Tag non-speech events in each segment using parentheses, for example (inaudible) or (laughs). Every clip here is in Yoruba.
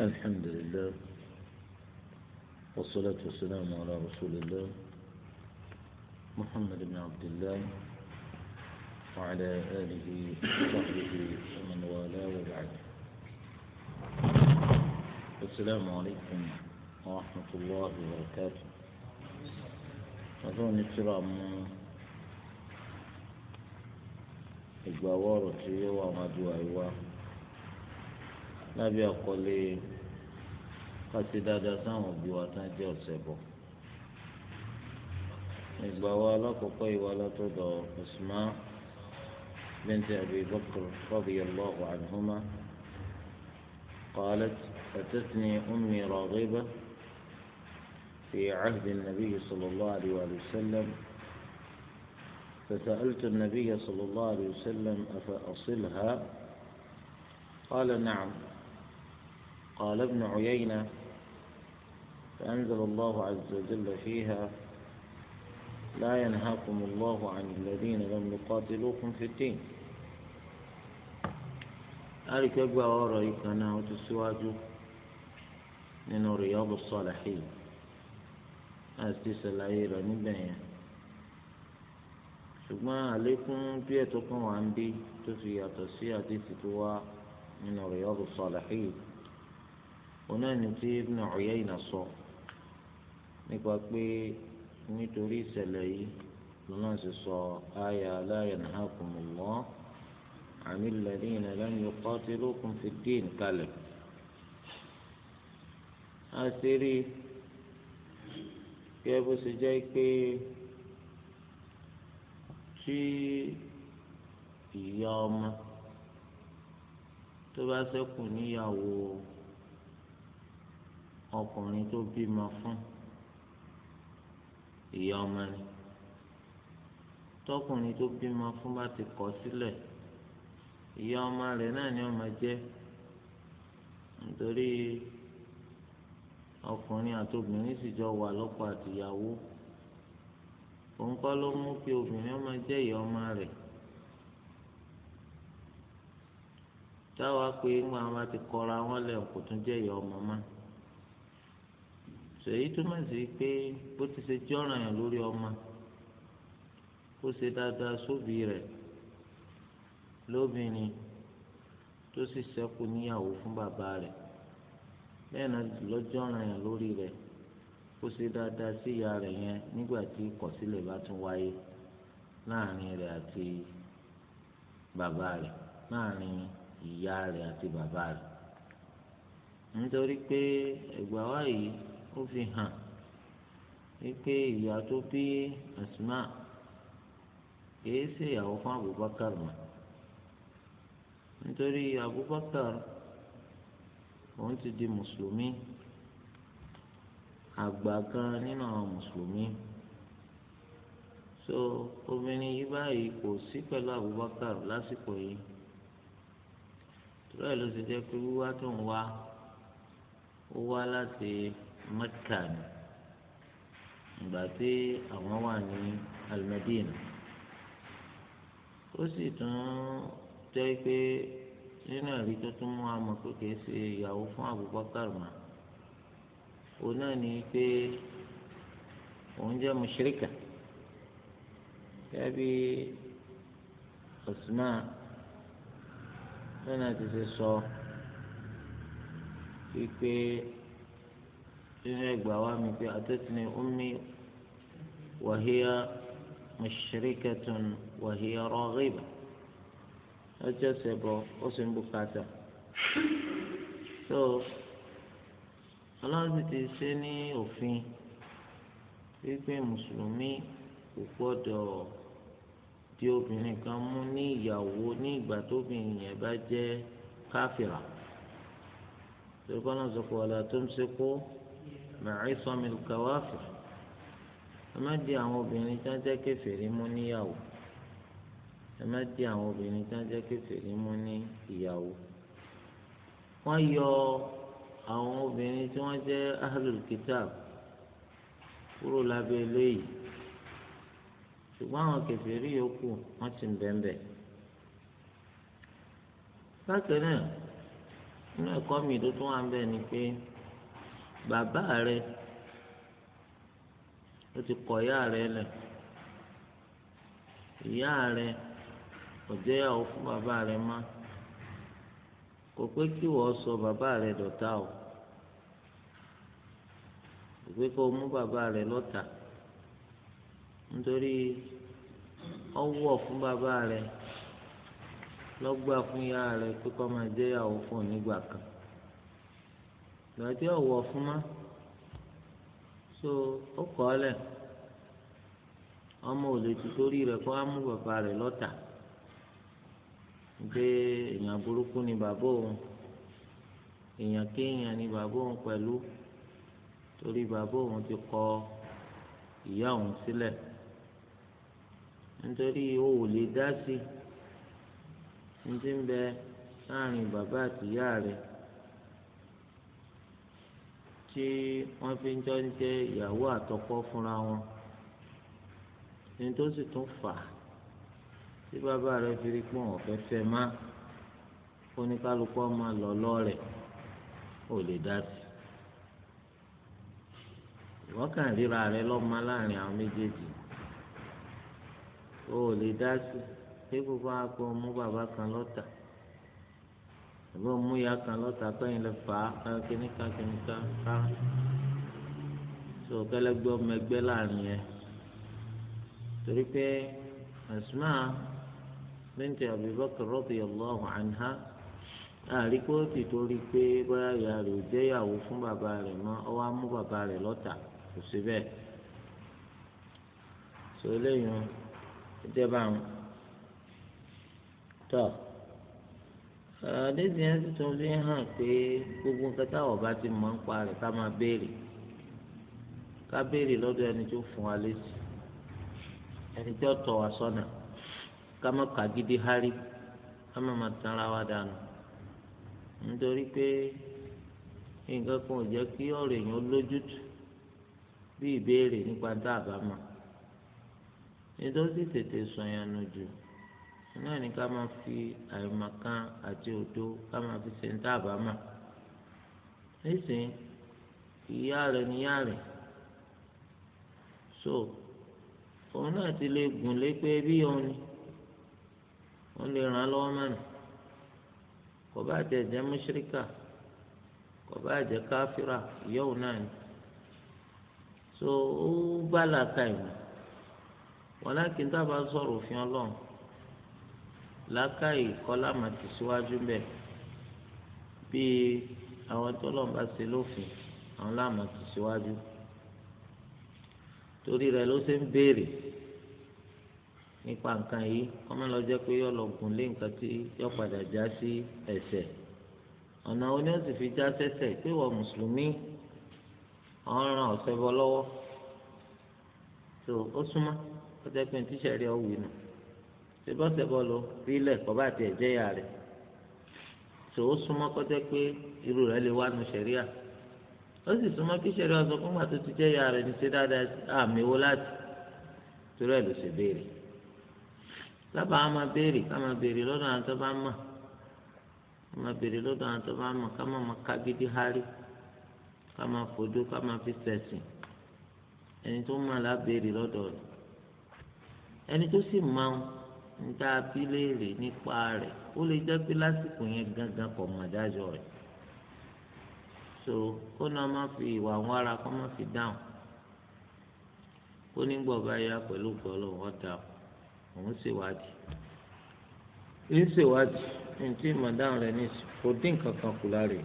الحمد لله والصلاة والسلام على رسول الله محمد بن عبد الله وعلى آله وصحبه ومن والاه وبعد السلام عليكم ورحمة الله وبركاته أظن ترى إجبار وتريوى ومدوى lábẹ́ àkọlé káṣí dáadáa sáwọn òbí wa tán jẹ́ ọ̀sẹ̀ bọ̀. ìgbà wa alákọ̀ọ́kọ́ ìwà látọ̀dọ̀ ọ̀sùnmá bint Abi bọ́kùrù fọ́ọ̀bù Bakr radiyallahu anhuma qalat atatni ummi raghiba fi ahdi an-nabiy sallallahu alayhi wa sallam فسألت النبي صلى الله عليه وسلم أفأصلها قال نعم قال ابن عيينة فأنزل الله عز وجل فيها لا ينهاكم الله عن الذين لم يقاتلوكم في الدين ذلك أقوى ورأي أنا وتسواج من رياض الصالحين أسس العيرة نبيا ṣùgbọ́n àlékún bí ẹ̀tọ́ kan wà ń bí tó fi yàtọ̀ oná ni tí Ibn Uyayna sọ nípa pé nítorí ìṣẹ̀lẹ̀ yìí lọ́nà sì sọ ayà la yanhakumullahu anil ladhina lam yuqatilukum fid din kalẹ̀. a ti rí kí ẹ bó ṣe jẹ́ pé tí ìyá ọmọ tó bá ṣẹ́kù níyàwó. ọkùnrin tó bímọ fún ìyá ọmọ ni tọkùnrin tó bímọ fún bá ti kọ̀ sílẹ̀ ìyá ọmọ rẹ̀ náà ni ọmọ jẹ́ nítorí ọkùnrin àti obìnrin sì jọ wà lọ́kọ àtìyàwó òun kọ́ ló mú kí obìnrin ọmọ jẹ́ ìyá ọmọ rẹ̀ táwa pé ńgbà wọn ti kọra wọn lẹ kò tún jẹ́ ìyá ọmọ máa. sèyí túmọ̀ sí pé bó ti ṣe jẹ́ ọ̀ràn yàn lórí ọmọ ó ṣe dáadáa sóbì rẹ̀ lóbìnrin tó sì ṣẹ́kù níyàwó fún bàbá rẹ̀ bẹ́ẹ̀ náà lọ́jọ́ ọ̀ràn yàn lórí rẹ̀ ó ṣe dáadáa sí ìyá rẹ̀ yẹn nígbà tí ìkọ̀sílẹ̀ bá tún wáyé láàrin rẹ̀ àti bàbá rẹ̀ láàrin ìyá rẹ̀ àti bàbá rẹ̀ nítorí pé ẹ̀gbà wáyé ó fi hàn wípé ìyá tó bí Asma kìí ṣe ìyàwó fún Abubakar mọ́ nítorí Abubakar òun ti di mùsùlùmí àgbà kan nínú àwọn mùsùlùmí so obìnrin yìí báyìí kò sí pẹ̀lú Abubakar lásìkò yìí tó báyìí ló ti jẹ́ pé wíwá tó ń wá ó wá láti mẹ́kà ni ìgbà tí àwọn wà ní alimẹ́dínà ó sì tún jẹ́ pé nínú ẹ̀rí tó tún mú àmọ́ pé kìí ṣe ìyàwó fún Abubakar mà òun náà ni pé òun jẹ́ mushrika gẹ́bí Usman lọ́nà ti ṣe sọ wípé nínú ẹgbà wa mi pé àtẹ́tìní ummi wa hiya mushrikatun wa hiya raghiba ọjọ́ sẹ́bọ̀ ó sì ń bùkátà tó ọlọ́run ti ṣe ní òfin wípé mùsùlùmí kò gbọ́dọ̀ di obìnrin kan mú ní ìyàwó ní ìgbà tóbìnrin yẹn bá jẹ́ káfíra. tó náà sọ pé ọ̀la tó ń ṣe kó màárísọm ìlúkàwáfẹ ẹ má di àwọn obìnrin tí wọn jẹ kèfèrí mú níyàwó ẹ má di àwọn obìnrin tí wọn jẹ kèfèrí mú ní ìyàwó wọn yọ àwọn obìnrin tí wọn jẹ ahlul kitab kúrò lábẹ́ eléyìí ṣùgbọ́n àwọn kèfèrí yòókù wọn ti ń bẹ̀ẹ̀bẹ̀ bákan náà nínú ẹ̀kọ́ mi tó tún wà ń bẹ̀ ni pé. bàbá rẹ ó ti kọ ìyá rẹ lẹ ìyá rẹ ọjọ́ ìyàwó fún bàbá rẹ má kò pé sọ bàbá rẹ dọ̀tá o kò pé kó o mú bàbá rẹ lọ́tà nítorí ọwọ́ fún bàbá rẹ lọ́gbà fún ìyá rẹ pé kó máa jẹ́ fún nígbà kan. gbàdé ọ̀wọ́ fún ma so ó kọ́ ọ lẹ̀ ọmọ ò lè ti torí rẹ̀ kó á mú bàbá rẹ̀ lọ́tà pé èèyàn burúkú ni bàbá òun èèyàn kéèyàn ni bàbá òun pẹ̀lú torí bàbá òun ti kọ ìyá òun sílẹ̀ nítorí ó ò lè dá sí ní ti ń bẹ láàrin bàbá àtìyá rẹ̀ tí wọ́n fi ń jọ ń jẹ ìyàwó àtọkọ fúnra wọn ní tó sì tún fà tí bàbá rẹ̀ fi rí pọ̀ ọ̀fẹ́ fẹ́ má oníkálukú máa lọ lọ́rẹ̀ ò lè dá sí wọ́n kàn ríra rẹ̀ lọ́mọ láàrin àwọn méjèèjì ò lè dá sí pé gbogbo àgbọ̀ mú bàbá kan lọ́tà ìbò mú ya kan lọ́ta pẹ́yìn lè fà á kíníkà kíníkà fà á tó kẹlẹ́gbẹ́ ọmọ ẹgbẹ́ láàrin yẹn torí pé Asma binti Abi Bakr radiyallahu anha àrí kó ti torí pé bóyá ìyá rẹ̀ ò jẹ́yàwó fún bàbá rẹ̀ mọ́ ọ wá mú bàbá rẹ̀ lọ́ta kò sí bẹ́ẹ̀ sọ eléyìí ó jẹ́ báwọn tọ́. àdéhùn tuntun fi hàn pé gbogbo nǹkan táwọn bá ti mọ ń pa rẹ̀ ká máa béèrè ká béèrè lọ́dọ̀ ẹni tó fún wa létí ẹni tó tọ̀ wá sọ́nà ká má kàgídí hárí ká má má ara wa dànù nítorí pé nǹkan kan ò kí èèyàn lójútù bí ìbéèrè nípa nítorí tètè náà ni ká máa fi àìmọ̀kan àti òdo ká máa fi ṣe ń dábàá mà nísìnyí ìyá rẹ̀ níyà rẹ̀ so òun náà ti lè gùn lé pé bí òun ni wọ́n lè ràn án lọ́wọ́ mọ́nà kò bá jẹ jẹ mùṣírìkà kò bá jẹ káfíra ìyá òun náà ni so ó bá làákà ìmọ̀ wọ́n láti dábàá sọ̀rọ̀ òfin ọlọ́run làákàyè kọ́lá máa ti síwájú bẹ́ẹ̀ bíi àwọn tọ́lọ́n bá ṣe lófin àwọn láàmà ti síwájú torí rẹ̀ ló ṣe ń béèrè nípa nǹkan yìí kọ́mọ lọ jẹ́ pé yọ lọ gùn lé nǹkan tí yọ padà já sí ẹ̀ṣẹ̀ ọ̀nà oní ó sì fi já sẹ́ṣẹ̀ pé wọ́n mùsùlùmí ọ̀ràn ọ̀sẹ̀ bọ́ lọ́wọ́ tó ó súnmọ́ ó jẹ́ pé ní tíṣẹ̀rí ọ̀wì náà. ṣèbọ̀ṣẹ̀bọ̀ lọ rílẹ̀ kọ́ bá tiẹ̀ jẹ́ ìyá rẹ̀ tó o súnmọ́ pé irú le lè wá nu ṣẹ̀ríà ó sì súnmọ́ kí ṣẹ̀ríà sọ fún ti jẹ ya rẹ ní ṣe dáadáa àmì wo láti torí ẹ̀ ló ṣe béèrè lábàá á máa béèrè ká máa béèrè lọ́dọ̀ àwọn tó bá mọ̀ ká máa béèrè lọ́dọ̀ àwọn tó bá mọ̀ ká máa máa hárí ká máa fojú ká máa fi níta fi léèrè nípa rẹ̀ ó lè jẹ́ pé lásìkò yẹn gangan kò mọ̀ dájọ́ rẹ̀ so kó náà má fi ìwà wọn ara kó má fi dáhùn kó nígbọ̀ bá yá pẹ̀lú gbọ́lọ̀ wọn dà òun ṣèwádìí ń ṣèwádìí ní tí màdáhùn rẹ̀ ní kò dín kankan kù láre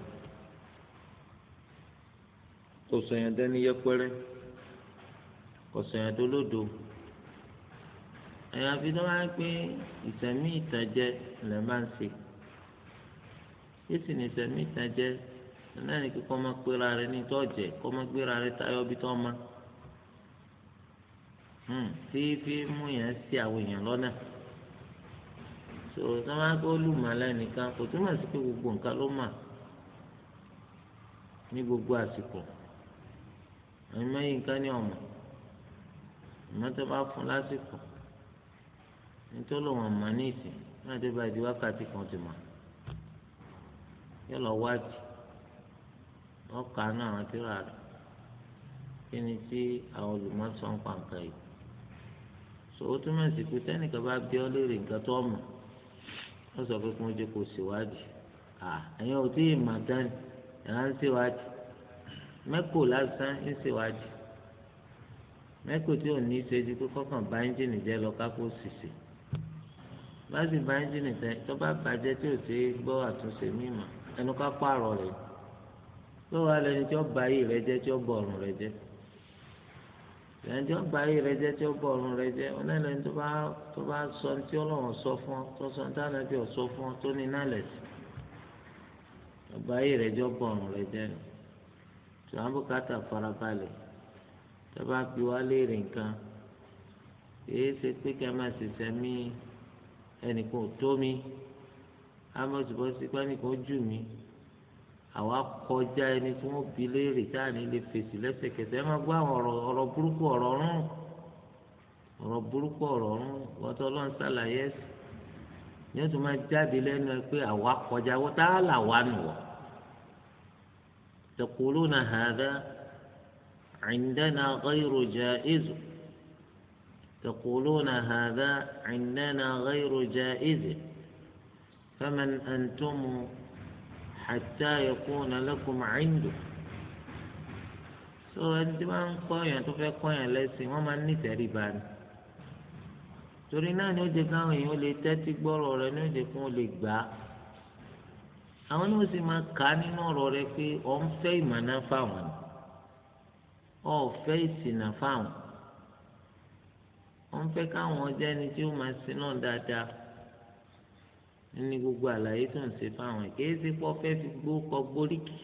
kò sọ̀yàn dání yẹpẹrẹ kò sọ̀yàn dolódo àyàfi tó máa ń pé ìsẹ̀mí ìtànjẹ lẹ̀ máa ń ṣe yíṣì ní ìsẹ̀mí ìtànjẹ náà ní kíkọ́ máa péra rẹ ní tọ́jẹ̀ kọ́ máa gbéra rẹ táyọ̀ bí tọ́ ma hmm, tí fi mú yẹn sí àwọn èèyàn lọ́nà sọ̀rọ̀ tó máa ń kó lùmọ̀lá nìkan kò túmọ̀ sí pé gbogbo nǹkan ló mà ní gbogbo àsìkò àmì mẹ́yìn nǹkan ní ọ̀mọ̀ àmọ́ bá fún lásìkò nítorí wọn mọ ní ìsìn náà tó bá di wákàtí kan ti mọ yóò wájú wọn kà á náà àwọn tíra rẹ kí ni tí àwọn olùmọ̀sọ̀ ń pa yìí so ó túmọ̀ sí pé tẹ́nìkan bá bí ọ léèrè nǹkan tó mọ̀ wọ́n sọ pé kí wọ́n jẹ́ kó ṣèwádìí ẹ̀yin ò tí ì mà dání ẹ̀ ń ṣèwádìí mẹ́kò lásán ń ṣèwádìí mẹ́kò tí ò ní í ṣe ju pé kọ́kàn bá ẹ́ńjìnì jẹ́ lọ ká kó ṣìṣe báàsì bá ẹ́ńjìnì tẹ tó bá bàjẹ́ tí ò sí gbọ́ àtúnṣe mímọ́ ẹnu ká pààrọ̀ rẹ̀ lọ́wọ́ alẹ́ ni tí ó ba ayé rẹ jẹ́ tí ó bọ̀ ọ̀run rẹ jẹ́ ẹni tí ó ba ayé rẹ jẹ́ tí ó bọ̀ ọ̀run rẹ jẹ́ onílẹ̀ tó bá tó bá sọ tí ọlọ́run sọ fún ọ tó sọ níta náà bí ọ sọ fún ọ tó ní nálẹ̀ sí ọba ayé rẹ jẹ́ bọ̀ ọ̀run rẹ jẹ́ tí farabalẹ̀ tó bá fi wá léèrè nǹkan èyí ṣe pé kí a máa ṣẹ̀ṣẹ̀ míì. ẹnìkan ò tó mi amọ̀sibọ́sí pé ẹnìkan jù mí àwa kọjá ẹni tí wọ́n bi léèrè tá lè fèsì lẹ́sẹ̀kẹsẹ̀ ẹ má gbọ́ àwọn ọ̀rọ̀ burúkú ọ̀rọ̀ ọ̀rún ọ̀rọ̀ burúkú ọ̀rọ̀ ọ̀rún wọ́tọ́ ló ń ṣàlàyé ẹ̀sìn ní o tún máa jáde lẹ́nu ẹ pé àwa kọjá wọ́n tá là wà تقولون هذا عندنا غير جائز فمن أنتم حتى يكون لكم عنده so ẹni máa ń kọyàn tó fẹ́ kọyàn lẹ́sìn wọ́n máa ń ní ìtẹríba ni torí náà ni ó jẹ káwọn èèyàn lè tẹ́tí gbọ́rọ̀ rẹ ni ó jẹ kó lè gbà á àwọn ni ó sì máa kà á nínú ọ̀rọ̀ rẹ pé ọ̀ ń fẹ́ ìmọ̀nà fáwọn ọ̀ fẹ́ ìsìnà fáwọn wọ́n fẹ́ káwọn ọjọ́ ẹni tí ó máa sin náà dáadáa ní gbogbo àlàyé tó ń ṣe fáwọn kìí ṣe pé fi gbó kọ gbóríkì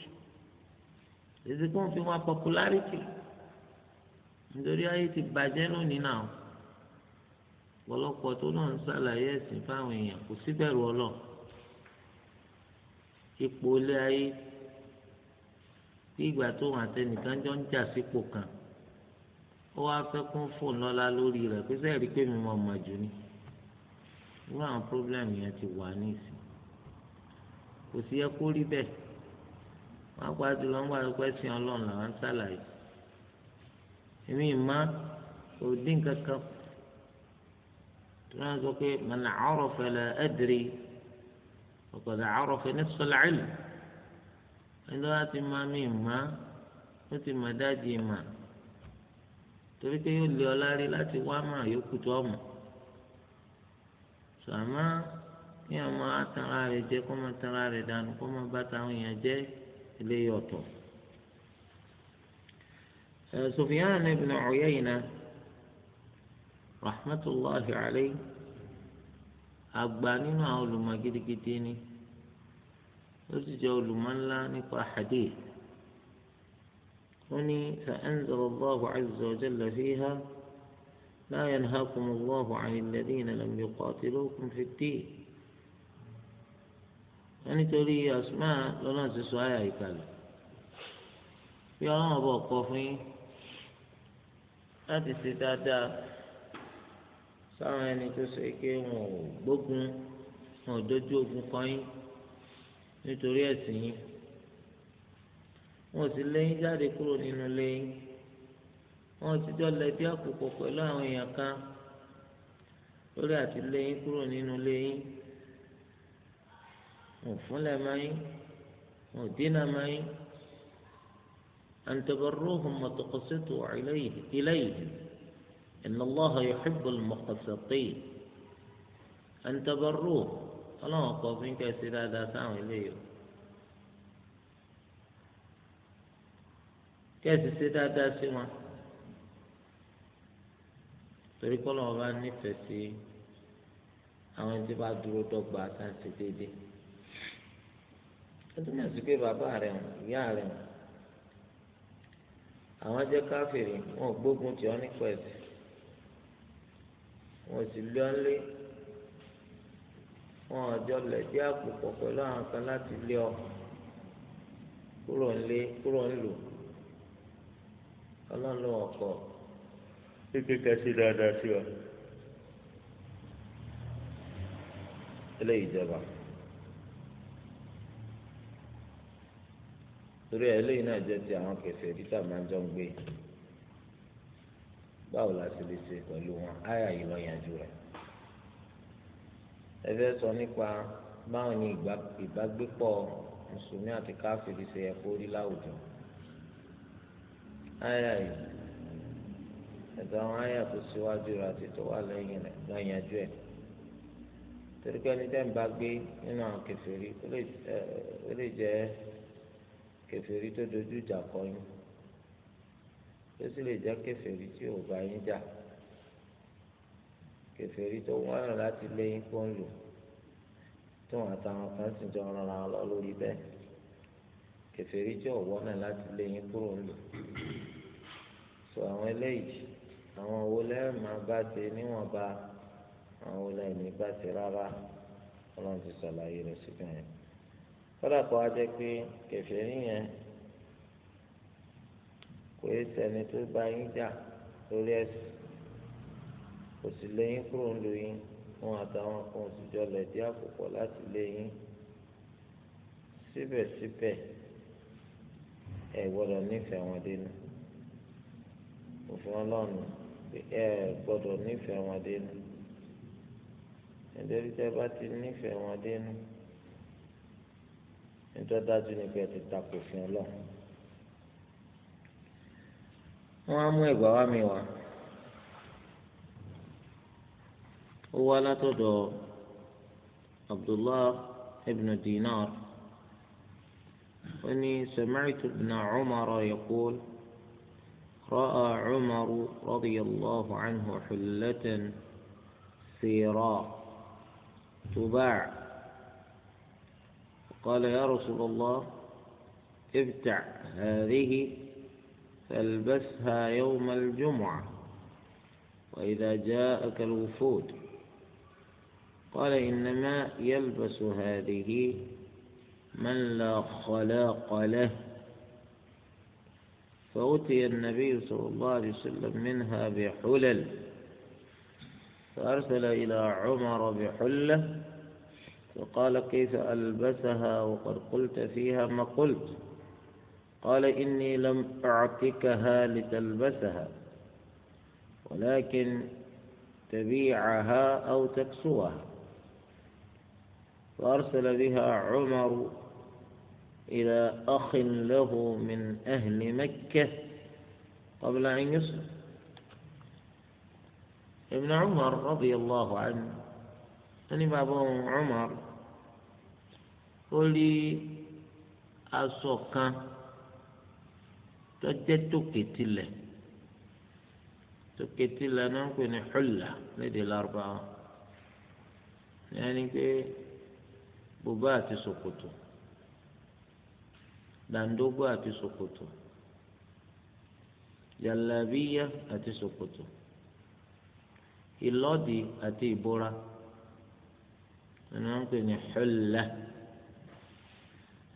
kìí ṣe fi wọn popularity nítorí ayé ti bàjẹ́ lónìí náà ọ̀pọ̀lọpọ̀ tó náà ń ṣàlàyé ẹ̀sìn fáwọn èèyàn kò síbẹ̀rù ọlọ́ ipò ilé ayé bí ìgbà tó wọn àtẹnìkan jọ ń jà sípò kan ó wá fẹ́ kún fóònù ọ̀la lórí rẹ̀ pé sẹ́ẹ̀ rí pé mi mọ̀ mà jù ni irú àwọn pírọ́blẹ́mù yẹn ti wà ní ìsìn kò sí yẹ kó rí bẹ́ẹ̀ wọ́n á gba jùlọ ń wá ẹgbẹ́ sí ọlọ́run làwọn ń ṣàlàyé èmi ìmá kò dín kankan tí wọ́n sọ pé mọ̀nà àárọ̀ fẹlẹ̀ ẹ̀dìrì ọ̀kọ̀dà àárọ̀ fẹlẹ̀ sọ̀làìlì ẹni tó bá ti máa mi ìmá ó ti mọ̀ dájú ìmọ̀ torí pé yóò lé ọ lárí láti wá mà yókù tó ọmọ sàmá kí wọn máa tanra rẹ̀ jẹ kó máa tanra rẹ̀ dànù kó máa bá táwọn èèyàn jẹ eléyìí ọ̀tọ̀. Sufyan ibn Uyayna rahmatullahi alayhi àgbà nínú àwọn olùmọ̀ gidigidi ni ó sì jẹ́ olùmọ̀ ńlá nípa hadith. وني فأنزل الله عز وجل فيها لا ينهاكم الله عن الذين لم يقاتلوكم في الدين ẹni torí asúmáà lọ́nà ti sọ àyà ìkàlẹ̀ bí ọlọ́run ọba ọ̀kọ́ fún yín láti ṣe dáadáa sáwọn ẹni tó ṣe pé wọn ò gbógun wọn ò dojú ogun kọ yín nítorí ẹ̀sìn yín wọn ò sì léyìn jáde kúrò nínú léyìn wọn ò sì jọ lẹbi àkókò pẹ̀lú àwọn èèyàn kan lórí àti léyìn kúrò nínú léyìn wọn ò fúnlẹ̀ mayín wọn ò dínà mayín àǹtẹ̀bẹ̀rúhùn mọ̀tòkọ́sẹ́tò ìlẹ́yìn ìnáláhà yòókùbù mọ̀kọ́sẹ́tì àǹtẹ̀bẹ̀rúhùn ọlọ́run kọfí ń kẹ́sì dáadáa sáwọn eléyìí. kí ẹ sì ṣe dáadáa sí wọn torí kọ́ lọ́wọ́ bá nífẹ̀ẹ́ sí àwọn ẹni tí bá dúró dọ́gba àtàǹtì déédéé ẹ túmọ̀ sí pé bàbá rẹ̀ hàn ìyá rẹ̀ hàn àwọn jẹ́ káfíìrì wọn ò gbógun tì ọ́ nípa ẹ̀sìn wọn ò sì lé ọ́ lé wọn ò lẹ̀dí àpò pọ̀ pẹ̀lú àwọn kan láti lé ọ kúrò ńlé kúrò ńlò ọlọ́run ló wọ̀ kọ́ kíkẹ́ kẹsí dáadáa sí wa ilé ìjọba torí ẹ lẹ́yìn náà jẹ́ ti àwọn kẹsẹ̀ títà máa ń jọ ń gbé báwo la ṣe lè ṣe pẹ̀lú wọn áyà yìí lọ yanjú rẹ̀ ẹ fẹ́ sọ nípa báwo ni ìbágbépọ̀ mùsùlùmí àti káfíìrì ṣe yẹ kó rí láwùjọ àyà yìí ẹ̀dọ̀ àwọn àyà tó síwájú rẹ̀ àti tó wà lẹ́yìn rẹ̀ lọ́yànjú ẹ̀ torí pé ẹni tẹ́ ń bá gbé nínú àwọn kèfèrí ó lè jẹ́ kèfèrí tó dojú ìjà kọ yín tó sì lè jẹ́ kèfèrí tí ò bá yín jà kèfèrí tó wọ́n rẹ̀ láti lé yín pọ́ńlù tó wọn àtàwọn kan sì jọ rọra lọ lórí bẹ́ẹ̀ kẹfẹ́rí jẹ́ ọ̀wọ́ náà láti lé yín kúrò ńlò sọ àwọn eléyìí àwọn owó lẹ́yìn máa bá ti níwọ̀nba àwọn owó lẹ́yìn ní bá ti rárá ọlọ́run ti sàlàyé rẹ̀ síbẹ̀ yẹn kọ́dà kọ́ ajẹ́ pé kẹfẹ́rí yẹn kò é sẹ́ni tó bá yín jà lórí ẹ̀sìn kò sì lé yín kúrò ńlò yín wọn àtàwọn kan sì jọ lẹ̀dí àkùkọ láti lé yín síbẹ̀síbẹ̀ ẹ gbọ́dọ̀ nífẹ̀ẹ́ wọn dénú òfin ọlọ́run ẹ gbọ́dọ̀ nífẹ̀ẹ́ wọn dénú nítorí tẹ́ bá ti nífẹ̀ẹ́ wọn dénú nítorí dájú ni pé ẹ ti takò òfin ọlọ́run wọ́n á mú ẹ̀gbà wá mi wá ó wá látọ̀dọ̀ Abdullah ibn Dinar. أني سمعت ابن عمر يقول رأى عمر رضي الله عنه حلة سيراء تباع قال يا رسول الله ابتع هذه فالبسها يوم الجمعة وإذا جاءك الوفود قال إنما يلبس هذه من لا خلاق له فأتي النبي صلى الله عليه وسلم منها بحلل فأرسل إلى عمر بحلة فقال كيف ألبسها وقد قلت فيها ما قلت قال إني لم أعطكها لتلبسها ولكن تبيعها أو تكسوها فأرسل بها عمر إلى أخ له من أهل مكة قبل أن يسلم ابن عمر رضي الله عنه أني بابا عمر قولي أسوكا تجدتك تكتلة تكتلة نكون حلة لدي الأربعة يعني ببات سقطوا dàńdógó àti ṣòkòtò jàlábíyá àti ṣòkòtò ìlọ́dì àti ìbora ẹni wọn ń pè ní xulla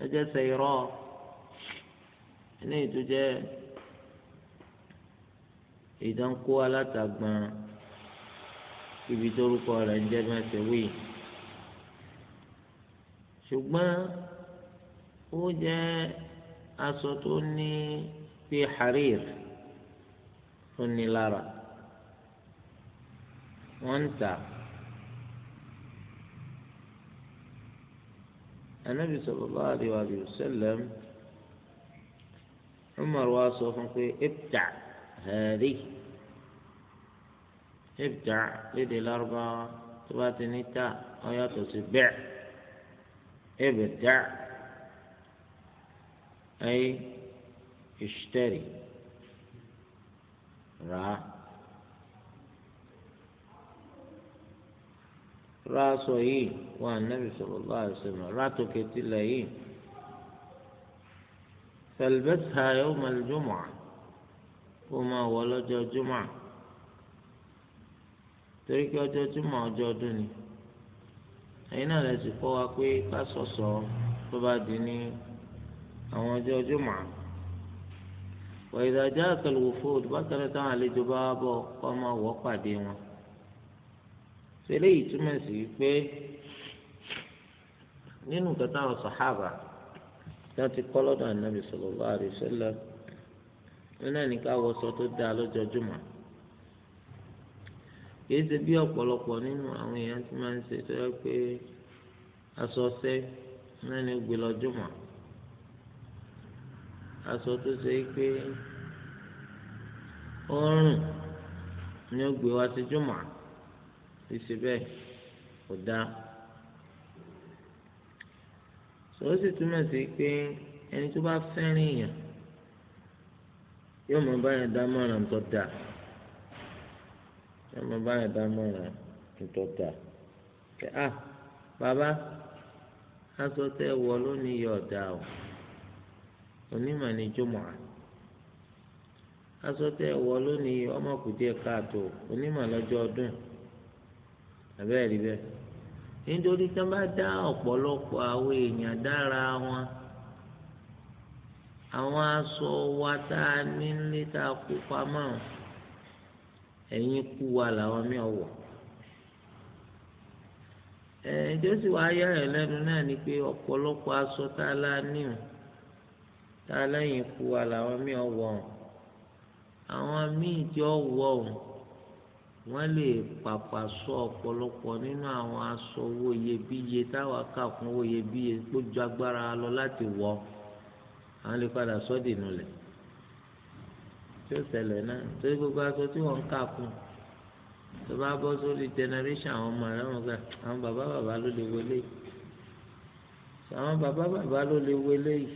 ẹjẹ sẹyìrọ ẹni ìtújẹ ìdánkó alátagbọn ibi tórúkọ rẹ̀ ń jẹ́ mẹsẹ wíì ṣùgbọ́n ó jẹ́ aṣọ tó ní bíi harir tó ní lára wọ́n ń tà anabi sallallahu alayhi wa sallam umar wa sọ fún pé ibtà hàrí ibtà lédè lárúbáwá tó bá ti ní tà ọ yàtọ̀ sí bẹ́ẹ̀ ibtà. أي اشتري رأى ra aṣọ yìí wọn ànábì sallallahu alaihi wasallam ra tòkè tilẹ̀ yìí talbasha yawm al-jum'ah kó máa wọ lọ́jọ́ jùmọ̀ torí kí ọjọ́ jùmọ̀ ọjọ́ ọdún ni ẹ̀yin náà lè sì kọ́ wa pé ká sọ̀sọ̀ tó bá di ní àwọn ọjọ́ jùmọ̀ wọ́n ìdájọ́ àkàlùwò fóòdù bákan táwọn àlejò bá bọ̀ kọ́ máa wọ́ pàdé wọn. eléyìí túmọ̀ sí pé nínú nǹkan táwọn sàhábà tó ti kọ́ lọ́dọ̀ ànábì sallallahu alaihi wasallam nínú ẹ̀nìkan wọṣọ tó dáa lọ́jọ́ jùmọ̀ kìí ṣe bí ọ̀pọ̀lọpọ̀ nínú àwọn èèyàn ti máa ń ṣe tó yẹ pé aṣọ ọṣẹ náà ni gbé lọ́jọ́ mọ́ aṣọ tó ṣe é pé ọrùn ni ó gbé wá sí jùmọ̀ ṣíṣe bẹ́ẹ̀ kò dáa sọ́wọ́ sì túmọ̀ sí pé ẹni tó bá fẹ́ràn èèyàn yóò mọ báyìí dámọ̀ràn tó dáa yóò mọ báyìí dámọ̀ràn tó dáa kẹ́ ah bàbá aṣọ tẹ́ wọ̀ lónìí yọ̀ dáa o. onímọ̀ ni jùmọ̀à aṣọ tẹ wọ lónìí ọmọkùnrin káàtó onímọ̀ lọ́jọ́ ọdún àbẹ́ẹ̀ rí bẹ́ẹ̀ nítorí tí wọ́n bá dá ọ̀pọ̀lọpọ̀ àwọn èèyàn dára wọn àwọn aṣọ wa tá a nílé tá a kó pamọ́ kú wa làwọn mi ọ̀wọ̀ ẹ̀ẹ́dẹ́sì wa yá ẹ̀ lẹ́nu náà ni pé ọ̀pọ̀lọpọ̀ aṣọ tá tá a lẹ́yìn ikú wa làwọn míì ọ̀wọ̀ ọ̀hún àwọn míì tí ọ̀wọ̀ ọ̀hún wọ́n lè pàpà sọ ọ̀pọ̀lọpọ̀ nínú àwọn aṣọ owó iyebíye táwa kà fún owó iyebíye tó ju agbára lọ láti wọ̀ àwọn lè padà sọ́ọ̀dì nulẹ̀ tí ó ṣẹlẹ̀ náà torí gbogbo aṣọ tí wọ́n ń kà fún tó bá bọ́ sórí generation àwọn ọmọ rẹ̀ wọn gbà àwọn bàbá bàbá ló lè wọlé àwọn bàbá bàbá ló lè wọlé yìí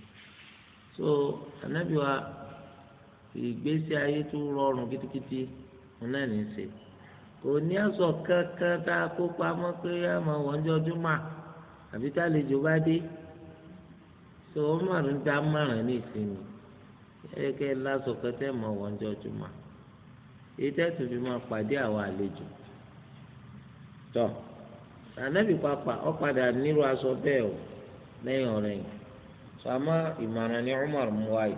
so anabi wa ìgbésí ayé tó rọrùn kitikiti ọ̀nà ní í ṣe kò ní aṣọ kankan tá a kó pamọ́ pé a máa wọ̀ ọjọ́ júmọ́ àbí tá a lè jò bá dé so Umar ń dá márùn ní ìsinmi ẹ̀ẹ́dẹ́gẹ́ lásọ kẹtẹ́ máa wọ̀ ọjọ́ júmọ́ èyí tẹ́tù fi máa pàdé àwọn àlejò tọ́ anabi pàápàá padà aṣọ bẹ́ẹ̀ o lẹ́yìn ọ̀rẹ́yìn. sàmà imara ni Umar mú wáyé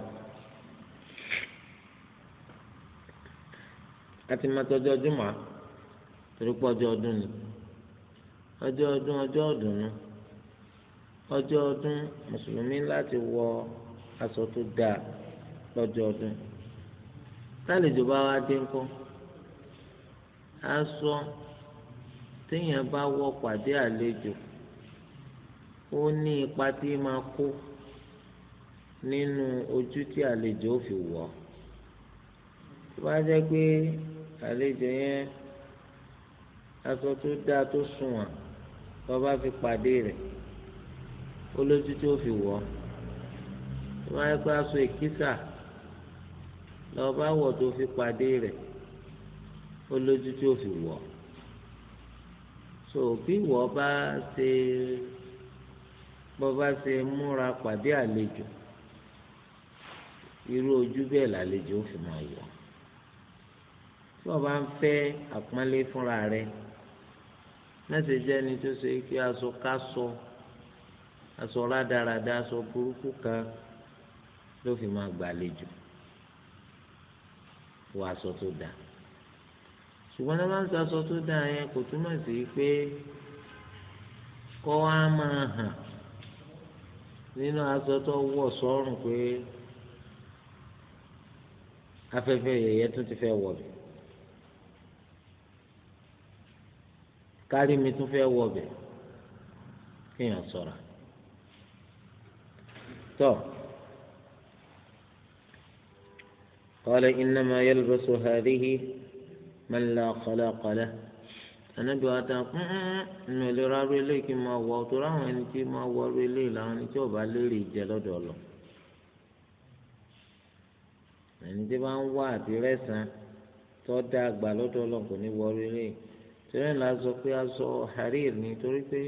àti mọ́tọ́jọ́ jùmọ̀ torí pé ọjọ́ ọdún ni ọjọ́ ọdún ọjọ́ ọdúnnú ọjọ́ ọdún mùsùlùmí wọ aṣọ tó dáa lọ́jọ́ ọdún tálejò bá wọ pàdé àlejò ó ní ipa tí máa nínú ojú tí àlejò ó fi wọ̀ tó bá jẹ́ pé àlejò yẹn aṣọ tó dáa tó sunwọ̀n tó bá fi pàdé rẹ̀ ó lójú tí ó fi wọ̀ tó bá jẹ́ pé aṣọ ìkísà lọ bá wọ̀ tó fi pàdé rẹ̀ ó lójú tí ó fi wọ̀ so bí wọ́ bá ṣe bọ́ bá ṣe múra pàdé àlejò. irú ojú bẹ́ẹ̀ làlejò fi máa yọ tí wọ́n bá ń fẹ́ àpọ́nlé fúnra rẹ mẹ́sẹ̀ jẹ́ ni tó ṣe kí aṣọ kásọ aṣọ rádaràda aṣọ burúkú kan ló fi máa gbàlejò wọ aṣọ tó dáa ṣùgbọ́n tó bá ń sọ tó dáa yẹn kò túmọ̀ sí pé kọ́ á máa hàn nínú aṣọ tó wọ̀ afẹ́fẹ́ yẹ̀yẹ́ tún ti fẹ́ wọ̀bẹ̀ kárí mi tún fẹ́ wọ̀bẹ̀ kéèyàn ṣọ́ra tó قال إنما يلبس هذه من لا خلاق له anabi wa ta kún ìmọ̀lẹ́ra rẹ̀ lé kí n máa wọ ọ̀tún láwọn ẹni tí máa wọ ọ̀rọ̀ ilé làwọn ẹni tí ọba lérè jẹ lọ́dọ̀ ọ̀lọ́. ẹni tí bá ń wá àti rẹ́sàn tó dá àgbà lọ́dọ̀ ọlọ́run ní wọrí lé la sọ pé aṣọ harir ni torí pé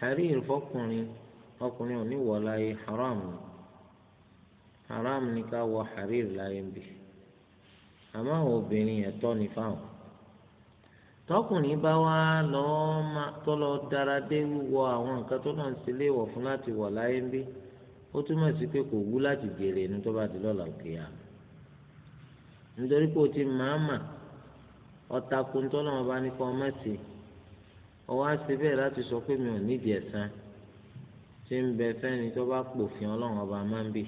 harir fọkùnrin ọkùnrin haram ni wọ harir láyé bì àmọ́ àwọn obìnrin ẹ̀tọ́ ni fáwọn tọkùnrin bá wá dára dé wíwọ àwọn nǹkan tó náà ń sílé fún láti láyé bí ó túmọ̀ sí pé kò wú láti jèrè tó bá nítorí pé o ti màámà ọ̀tà kuntọ́lọ́ wọn bá ní kọ́ ọmọ sí ọwọ́ á ṣe bẹ́ẹ̀ láti sọ pé mi ò nídìí ẹ̀san tí ń bẹ fẹ́ni tó bá pòfin ọlọ́run ọba máa ń bì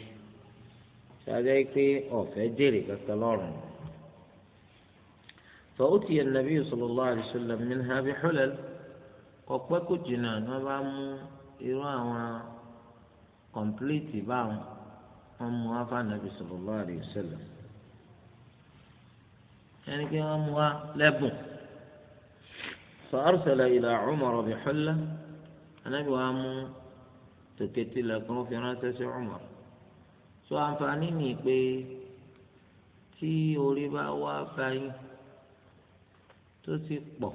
ṣáájá pé ọ̀fẹ́ jèrè kankan lọ́rùn. فأتي النبي صلى الله عليه وسلم منها بحلل ọ̀pẹ́ kò jìnnà ni wọ́n bá mú irú àwọn kọ̀ǹpìlìtì báwọn wọ́n يعني كي أموا لبن فأرسل إلى عمر بحلة أنا وأمو تكتي لكم في رأس عمر سو أنفاني نيكي تي أوليبا وافاي تسي بو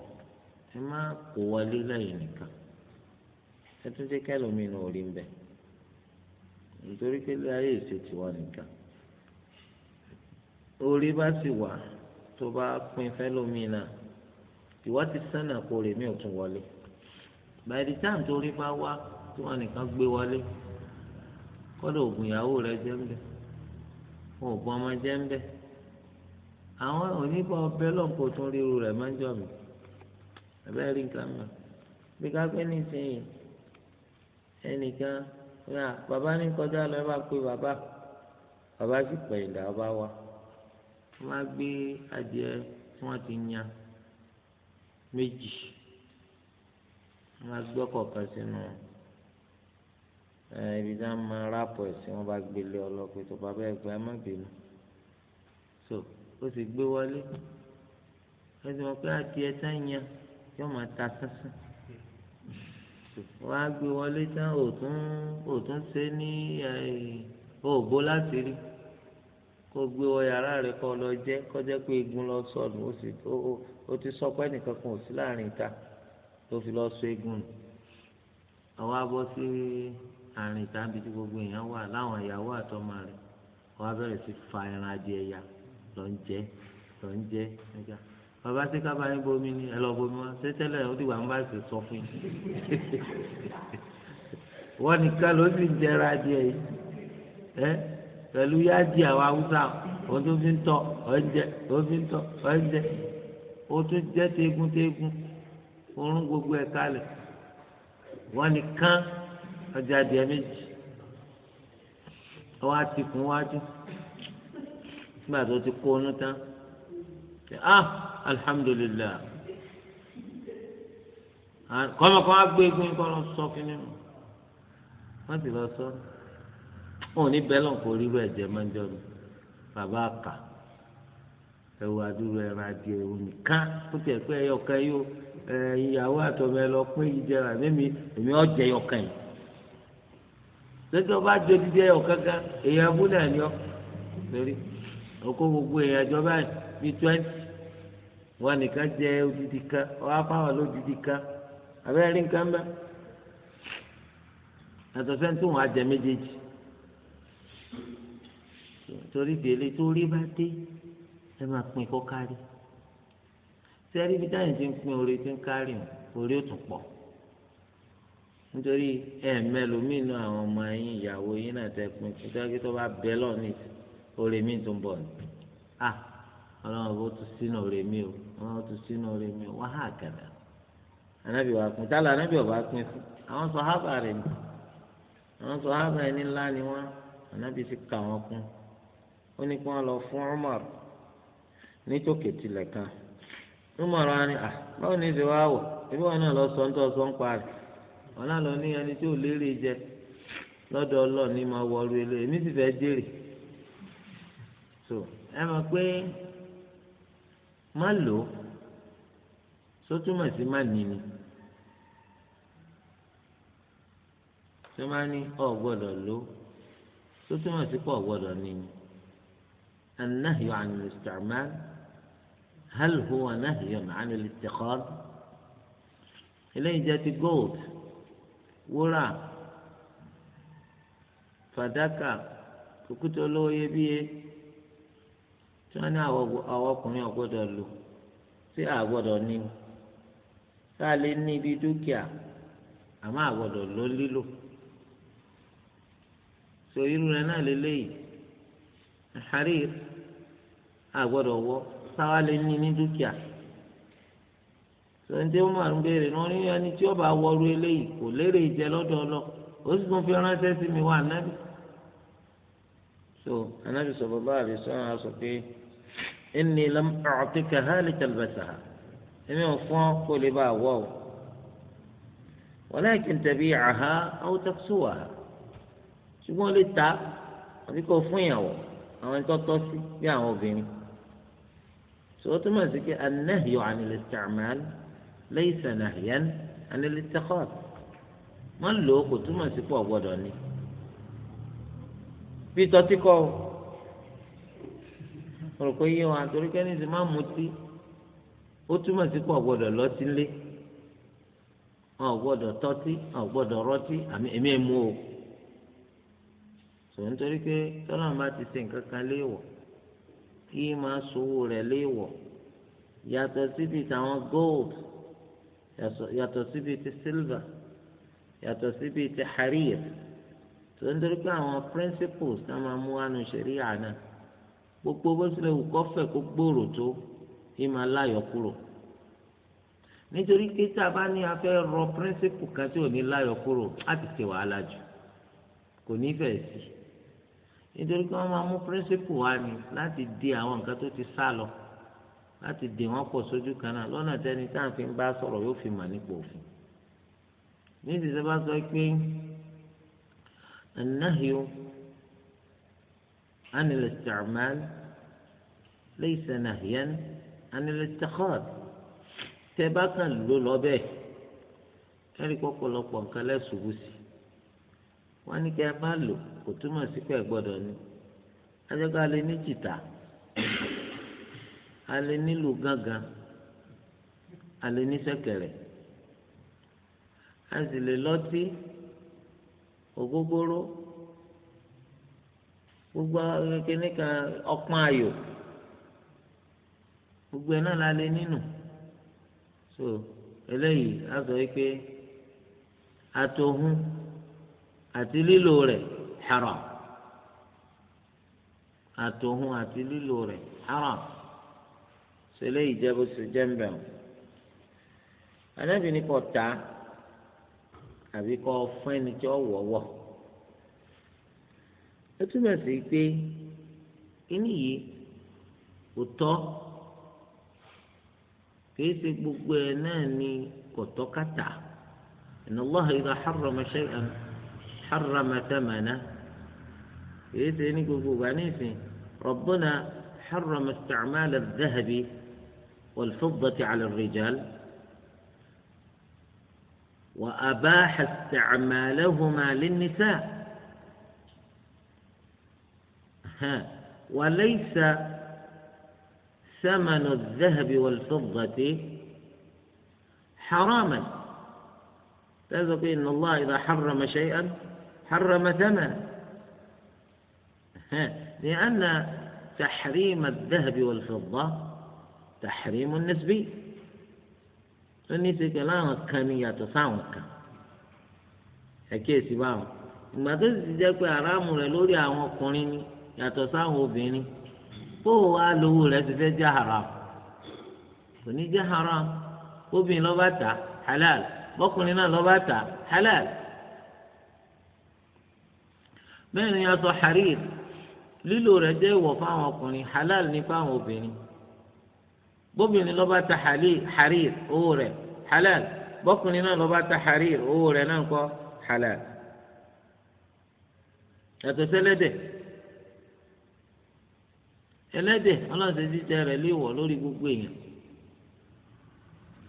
إما قوالي لينكا ẹtúndé kẹlòmíì náà rí mbẹ nítorí pé ayé èsì tiwa nìkan orí bá sì wà tó bá pín fẹ́lómìn náà ìwọ ti sánà kó rè mí wọlé by the time tó rí bá wá tí wọn nìkan gbé wọlé kọ́dọ̀ ògùn ìyàwó rẹ jẹ́ ń bẹ̀ wọn ò bọ́ ọmọ jẹ́ ń bẹ̀ àwọn oníbọ̀ ọbẹ̀ lọ́nkọ̀ tó ń ríru rẹ̀ máa ń jọ mi ẹ̀bẹ̀ rí nǹkan mọ̀ bí kápẹ́ nísìnyí ẹnìkan bàbá ní kọjá lọ bá pé bàbá bàbá sì pẹ̀yìndà ọba wa tí wọ́n á gbé adìẹ tí wọ́n ti yan méjì wọ́n á gbé ọ̀kọ̀ọ̀kan sínú eh, ibi tí wọ́n máa rápọ̀ ẹ̀sìn wọ́n bá gbélé ọlọ́pẹ́ tó bá bẹ́ẹ̀ gbé ẹ bínú so ó sì gbé wọlé ẹ ti mọ̀ pé adìẹ tá yan yóò máa ta sánsán wọ́n á gbé wọlé tán òtún òtún ṣe ní eh, ògbó láti rí kó gbé wọ yàrá rẹ̀ kó lọ jẹ kọjá pé egun lọ sọnù ó sì ó ti sọ pé ẹnìkan kan ò sí láàrin ìta tó fi lọ sọ egun nù àwọn abọ́ sí àárín ìta níbi tí gbogbo èèyàn wà láwọn ìyàwó àtọmọ rẹ̀ wọ́n á bẹ̀rẹ̀ sí fa ẹran adìẹ ya lọ ń jẹ lọ ń jẹ ẹja bàbá tí ká bá yín bomi ni ẹ lọ bomi wọn tẹtẹlẹ ó dìgbà ń bá ṣe sọ fún yín (laughs) wọn nìkan ló sì ń jẹra adìẹ yìí ẹ pẹ̀lú yá di àwọn haúsá òun tó fi ń tọ ọ̀ẹ́jẹ òun fi ń tọ ọ̀ẹ́jẹ ó tún jẹ́ tegun tegun orun gbogbo ẹ̀ kalẹ̀ wọ́n nìkan ọjà adìẹ méjì wọ́n á ti kún wájú nígbà tó ti kó onú tán ah alihamudulilayi ah, kọ́mọkọ́mọ gbé egun kọ́ lọ sọ fún mi wọ́n ti lọ sọ. wọn ò ní bẹ́lọ̀ kó rí wẹ̀ jẹ́ mọ́jọ́ mi bàbá àkà ẹwọ adúlọ ẹran adìẹ òun tó tiẹ̀ pé ẹyọkàn yóò ìyàwó àtọmọ ẹ lọ pé ìjẹrà mímí èmi ọjẹ ẹyọkàn yìí lọ́jọ́ ọba jẹ dídí ẹyọkàn kan èyí abúlé ni ọ lórí ọkọ gbogbo èyí àjọba bíi twenty wọn nìkan jẹ odidi kan afáwọn kan abẹ́rẹ́ bá wọn àjẹ méjèèjì. torí délé tó rí bá dé ẹ máa pín kó kárí sẹ́rí bí táyà ti ń pín orí ti ń kárí orí ò tún pọ̀ nítorí ẹ̀ẹ̀mẹ́lòmíì náà àwọn ọmọ yín ìyàwó yín náà tẹ pín kí tọ́jú tó bá bẹ́ lọ́ọ̀nì orí mi tó bọ̀ ni à ọlọ́run bó tún sínú orí mi o ọlọ́run tún sínú orí mi o wá hà gàdà ànábì wàá pín tálà ànábì ọ̀bá pín fún àwọn sọ̀hábà rẹ̀ ni àwọn sọ̀hábà ẹni ńlá ni wọ́n anabi sì kà wọn kún ó ní kí wọn lọ fún Umar nítòkè tilẹ̀ kan Umar wa ni à ah, báwo ni ìṣe wa wọ̀ ebi wọn náà lọ sọ ń tọ́ sọ ń parí wọn náà lọ ní ẹni tí ò lérè jẹ lọ́dọ̀ Ọlọ́run ní máa wọ ọrú ilé èmi sì fẹ́ jèrè so ẹ mọ̀ pé má lò ó sótúmọ̀ sí má níní tó má ní ọ̀ gbọ́dọ̀ lò ó. tó túmọ̀ sí pọ̀ gbọ́dọ̀ ní النهي عن الاستعمال هل هو نهي عن الاتخاذ eléyìí jẹ́ ti gold wúrà fàdákà òkúta olówó iyebíye tí wọ́n ní àwọn ọkùnrin ọ̀gbọ́dọ̀ lò sí àgbọ́dọ̀ ní ká lè ní ibi dúkìá so irú rẹ̀ náà lélẹ́yìí harir àgbọ́dọ̀ wọ sáwá lè ní ní dúkìá sọ̀rọ̀ǹdé umar ń béèrè náà ní ẹni tí ó bá wọrú eléyìí kò lérè ìjẹ lọ́dọ̀ ọlọ́ ó sì tún fi ránṣẹ́ sí mi wá ànábì so ànábì sọ bàbá àbí sọ́nà sọ pé ẹni lam ọ̀ọ́tìkà ha lè tẹ̀lifẹ̀sà ha ò fún ọ kó lè bá wọ̀ ọ́ wọ́n láì kí n tẹ̀bi àhá ọ́ tẹ̀síwà ha ṣùgbọ́n lè ta àbí kò fún ìyàwó àwọn tó tọ́ sí bí àwọn obìnrin sọ tó mọ̀ sí pé anahiyọ anilistamal lẹ́yìnsẹ̀ nàhìyàn anilitakọ́t wọ́n lò ó kò túmọ̀ sí pọ̀ gbọ́dọ̀ ni bí tọ́tí kọ́ o rò pé yé wa torí kẹ́ni ti máa mutí ó túmọ̀ sí pọ̀ gbọ́dọ̀ lọ́tí lé wọn ò gbọ́dọ̀ tọ́tí wọn ò gbọ́dọ̀ rọ́tí àmì èmi ẹ̀ mú o sọ̀rọ̀ nítorí pé tọ́lá bá ti ṣe nǹkan kan léèwọ̀ kí máa sowó rẹ̀ léèwọ̀ yàtọ̀ síbi tàwọn gold yàtọ̀ síbi ti silver yàtọ̀ síbi ti harir sọ̀rọ̀ nítorí pé àwọn principles náà máa mú wánu ṣẹ̀ríyà náà gbogbo bó tilẹ̀ wù kọ́ fẹ̀ kó gbòòrò tó kí máa láyọ̀ kúrò nítorí pé tá a bá ní a rọ principle kan tí ò ní láyọ̀ kúrò á ti ṣe wàhálà jù kò ní fẹ́ sí i nítorí pé wọ́n máa mú píríncípù wá ní láti di àwọn nǹkan tó ti sá lọ láti dè wọ́n pọ̀ sójú kan náà lọ́nà tẹ́ni tá à ń fi bá sọ̀rọ̀ yóò fi mà nípa òfin níbi tí bá sọ pé النهي عن الاستعمال ليس نهيا عن الاتخاذ tẹ́bá kan ló lọ bẹ́ẹ̀ ẹ̀rí pọ̀pọ̀lọpọ̀ nǹkan lẹ́sùn wù sí wọ́n ní kí a bá lò kò túmọ̀ sí pé gbọ́dọ̀ ni ajọ́gá lè ní jìtá a lè nílò gángan a lè ní ṣẹ̀kẹ̀rẹ̀ a sì lè lọ́tí ògógóró gbogbo kékeré kan ọpọ́n ayò gbogbo ẹ̀ náà la lè nínú so eléyìí a sọ wípé atohun àti lílo rẹ̀. haram àtòhun àti lílo rẹ̀ haram ṣẹlẹ̀ ìjẹbù sí jẹmbẹ o anábì ní kò tà àbí kò fún ẹni tí ó wọ̀wọ̀ ó túmọ̀ sí pé kíní yìí kò tọ́ kìí ṣe gbogbo ẹ̀ náà ni kò tọ́ kàtà inna Allaha idha harrama shay'an harrama èyí ṣe ní gbogbo ìgbà ní ìsìn Rabbuna harrama isti'mal al-dhahab wal-fidda 'ala ar-rijal wa abaha isti'malahuma lin-nisa' wa laysa ثمن الذهب والفضة حراما تذكر إن الله إذا حرم شيئا حرم ثمنه لأن تحريم الذهب والفضة تحريم نسبي oníṣe pẹ̀lú àwọn kan ni yàtọ̀ sáwọn kan ẹ̀kíyèsí báwọn ìgbà tó sì jẹ́ pé àràmù rẹ̀ lórí àwọn ọkùnrin ni yàtọ̀ sáwọn obìnrin bó o wá lówó rẹ̀ ti fẹ́ jẹ́ haram kò ní jẹ́ haram obìnrin ló bá tà halal bọ́kùnrin náà ló bá tà halal bẹ́ẹ̀ ni yàtọ̀ harir lilo rẹ jẹ́ wọ fáwọn ọkùnrin halal ní fáwọn obìnrin bóbìnrin lọ́ba ta harir owó rẹ halal bọ́kùnrin náà lọ́ba ta harir owó rẹ náà kọ́ halal. yàtọ̀ sẹ́lẹ̀dẹ̀ ẹlẹ́dẹ̀ ọlọ́sẹ̀ jíjẹ rẹ̀ léèwọ̀ lórí gbogbo èèyàn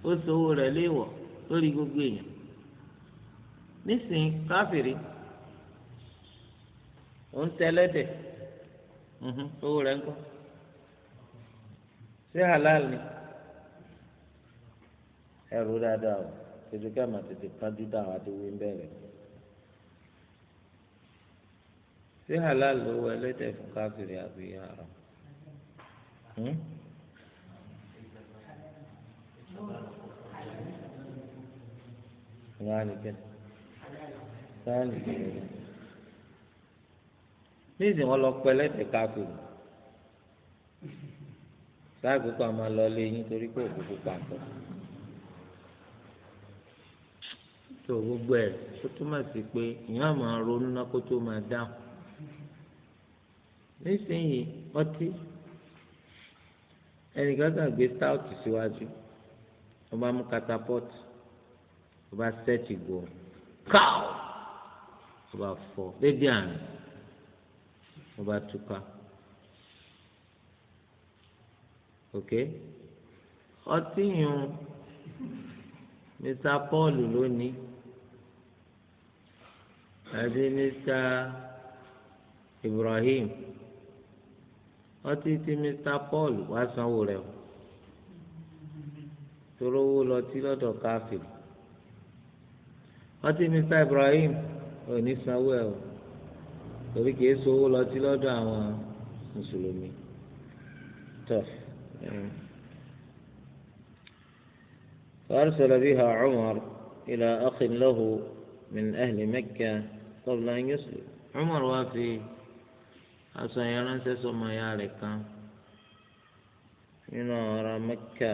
ó sọ owó rẹ̀ léèwọ̀ lórí gbogbo èèyàn nísìnyí káfíìrì ó ń tẹ́lẹ̀dẹ̀. Mhm. owó rẹ̀ ń kọ́ ṣé halal ni ẹrù dáadáa o tètè ká mà tètè kájú dáhùn àti wí bẹ́ẹ̀rẹ̀ ṣé halal lówó ẹlẹ́dẹ̀ fún káfíìrì àbí haram hmm? ní alìkẹ́ sáà nìkẹ́ níìsín wọn lọ pẹ lẹsẹ káfù sáàbù kan máa lọ lé yín torí pé òkú pupa kọ tó gbogbo ẹ tó túmọ̀ sí pé ìyá máa ronú náà kó tó máa dáhùn nísìnyí ọtí ẹnìkan kan gbé stout síwájú ó bá mú catapult ó bá sẹ́ẹ̀tì gbòó káò ó bá fọ́ dédé àná wọ́n bá túká ok ọtí yun mr paul lónìí àti mr ibrahim ọtí tí mr paul wá sanwó rẹ̀ o torówó lọtí lọ́dọ̀ káfíìn ọtí mr ibrahim ò ní sanwó ẹ̀ o. torí kìí sowó lọ sí lọ́dọ̀ àwọn mùsùlùmí tó. فأرسل بها عمر إلى أخ له من أهل مكة قبل أن يسلم عمر وفي aṣọ yẹn ránṣẹ́ sọmọ ya rẹ̀ kan nínú ọ̀rọ̀ mẹ́kà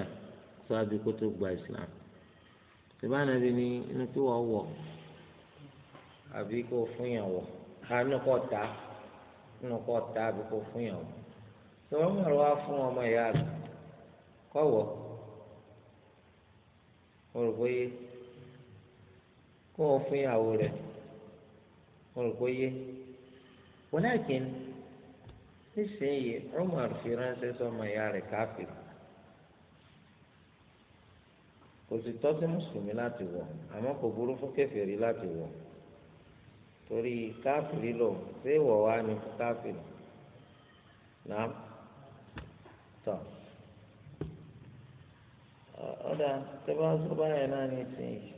ṣáájú kó tó gba islam ṣùgbọ́n ànábi ni inú kí wọ́n wọ̀ àbí kó fún yàn wọ̀ àánú kọ ta nínú kọ ta àbí kò fún yàn o tí wọn mọ̀rọ̀ wá fún ọmọ ìyá rẹ kọ̀wọ́ mo rò pé yé kó o fún ìyàwó rẹ mo rò pé yé wọn náà kì í nísìnyí Umar fi sọmọ ìyá rẹ káfíìn kò sì tọ́ sí mùsùlùmí láti wọ̀ àmọ́ kò burú fún kèfèrí láti wọ̀ torí káfìrí lò ṣé ìwọ̀ wá ní káfìrí náà tọ̀ ọ̀dà tó bá tó báyẹn náà ní ìsinyìí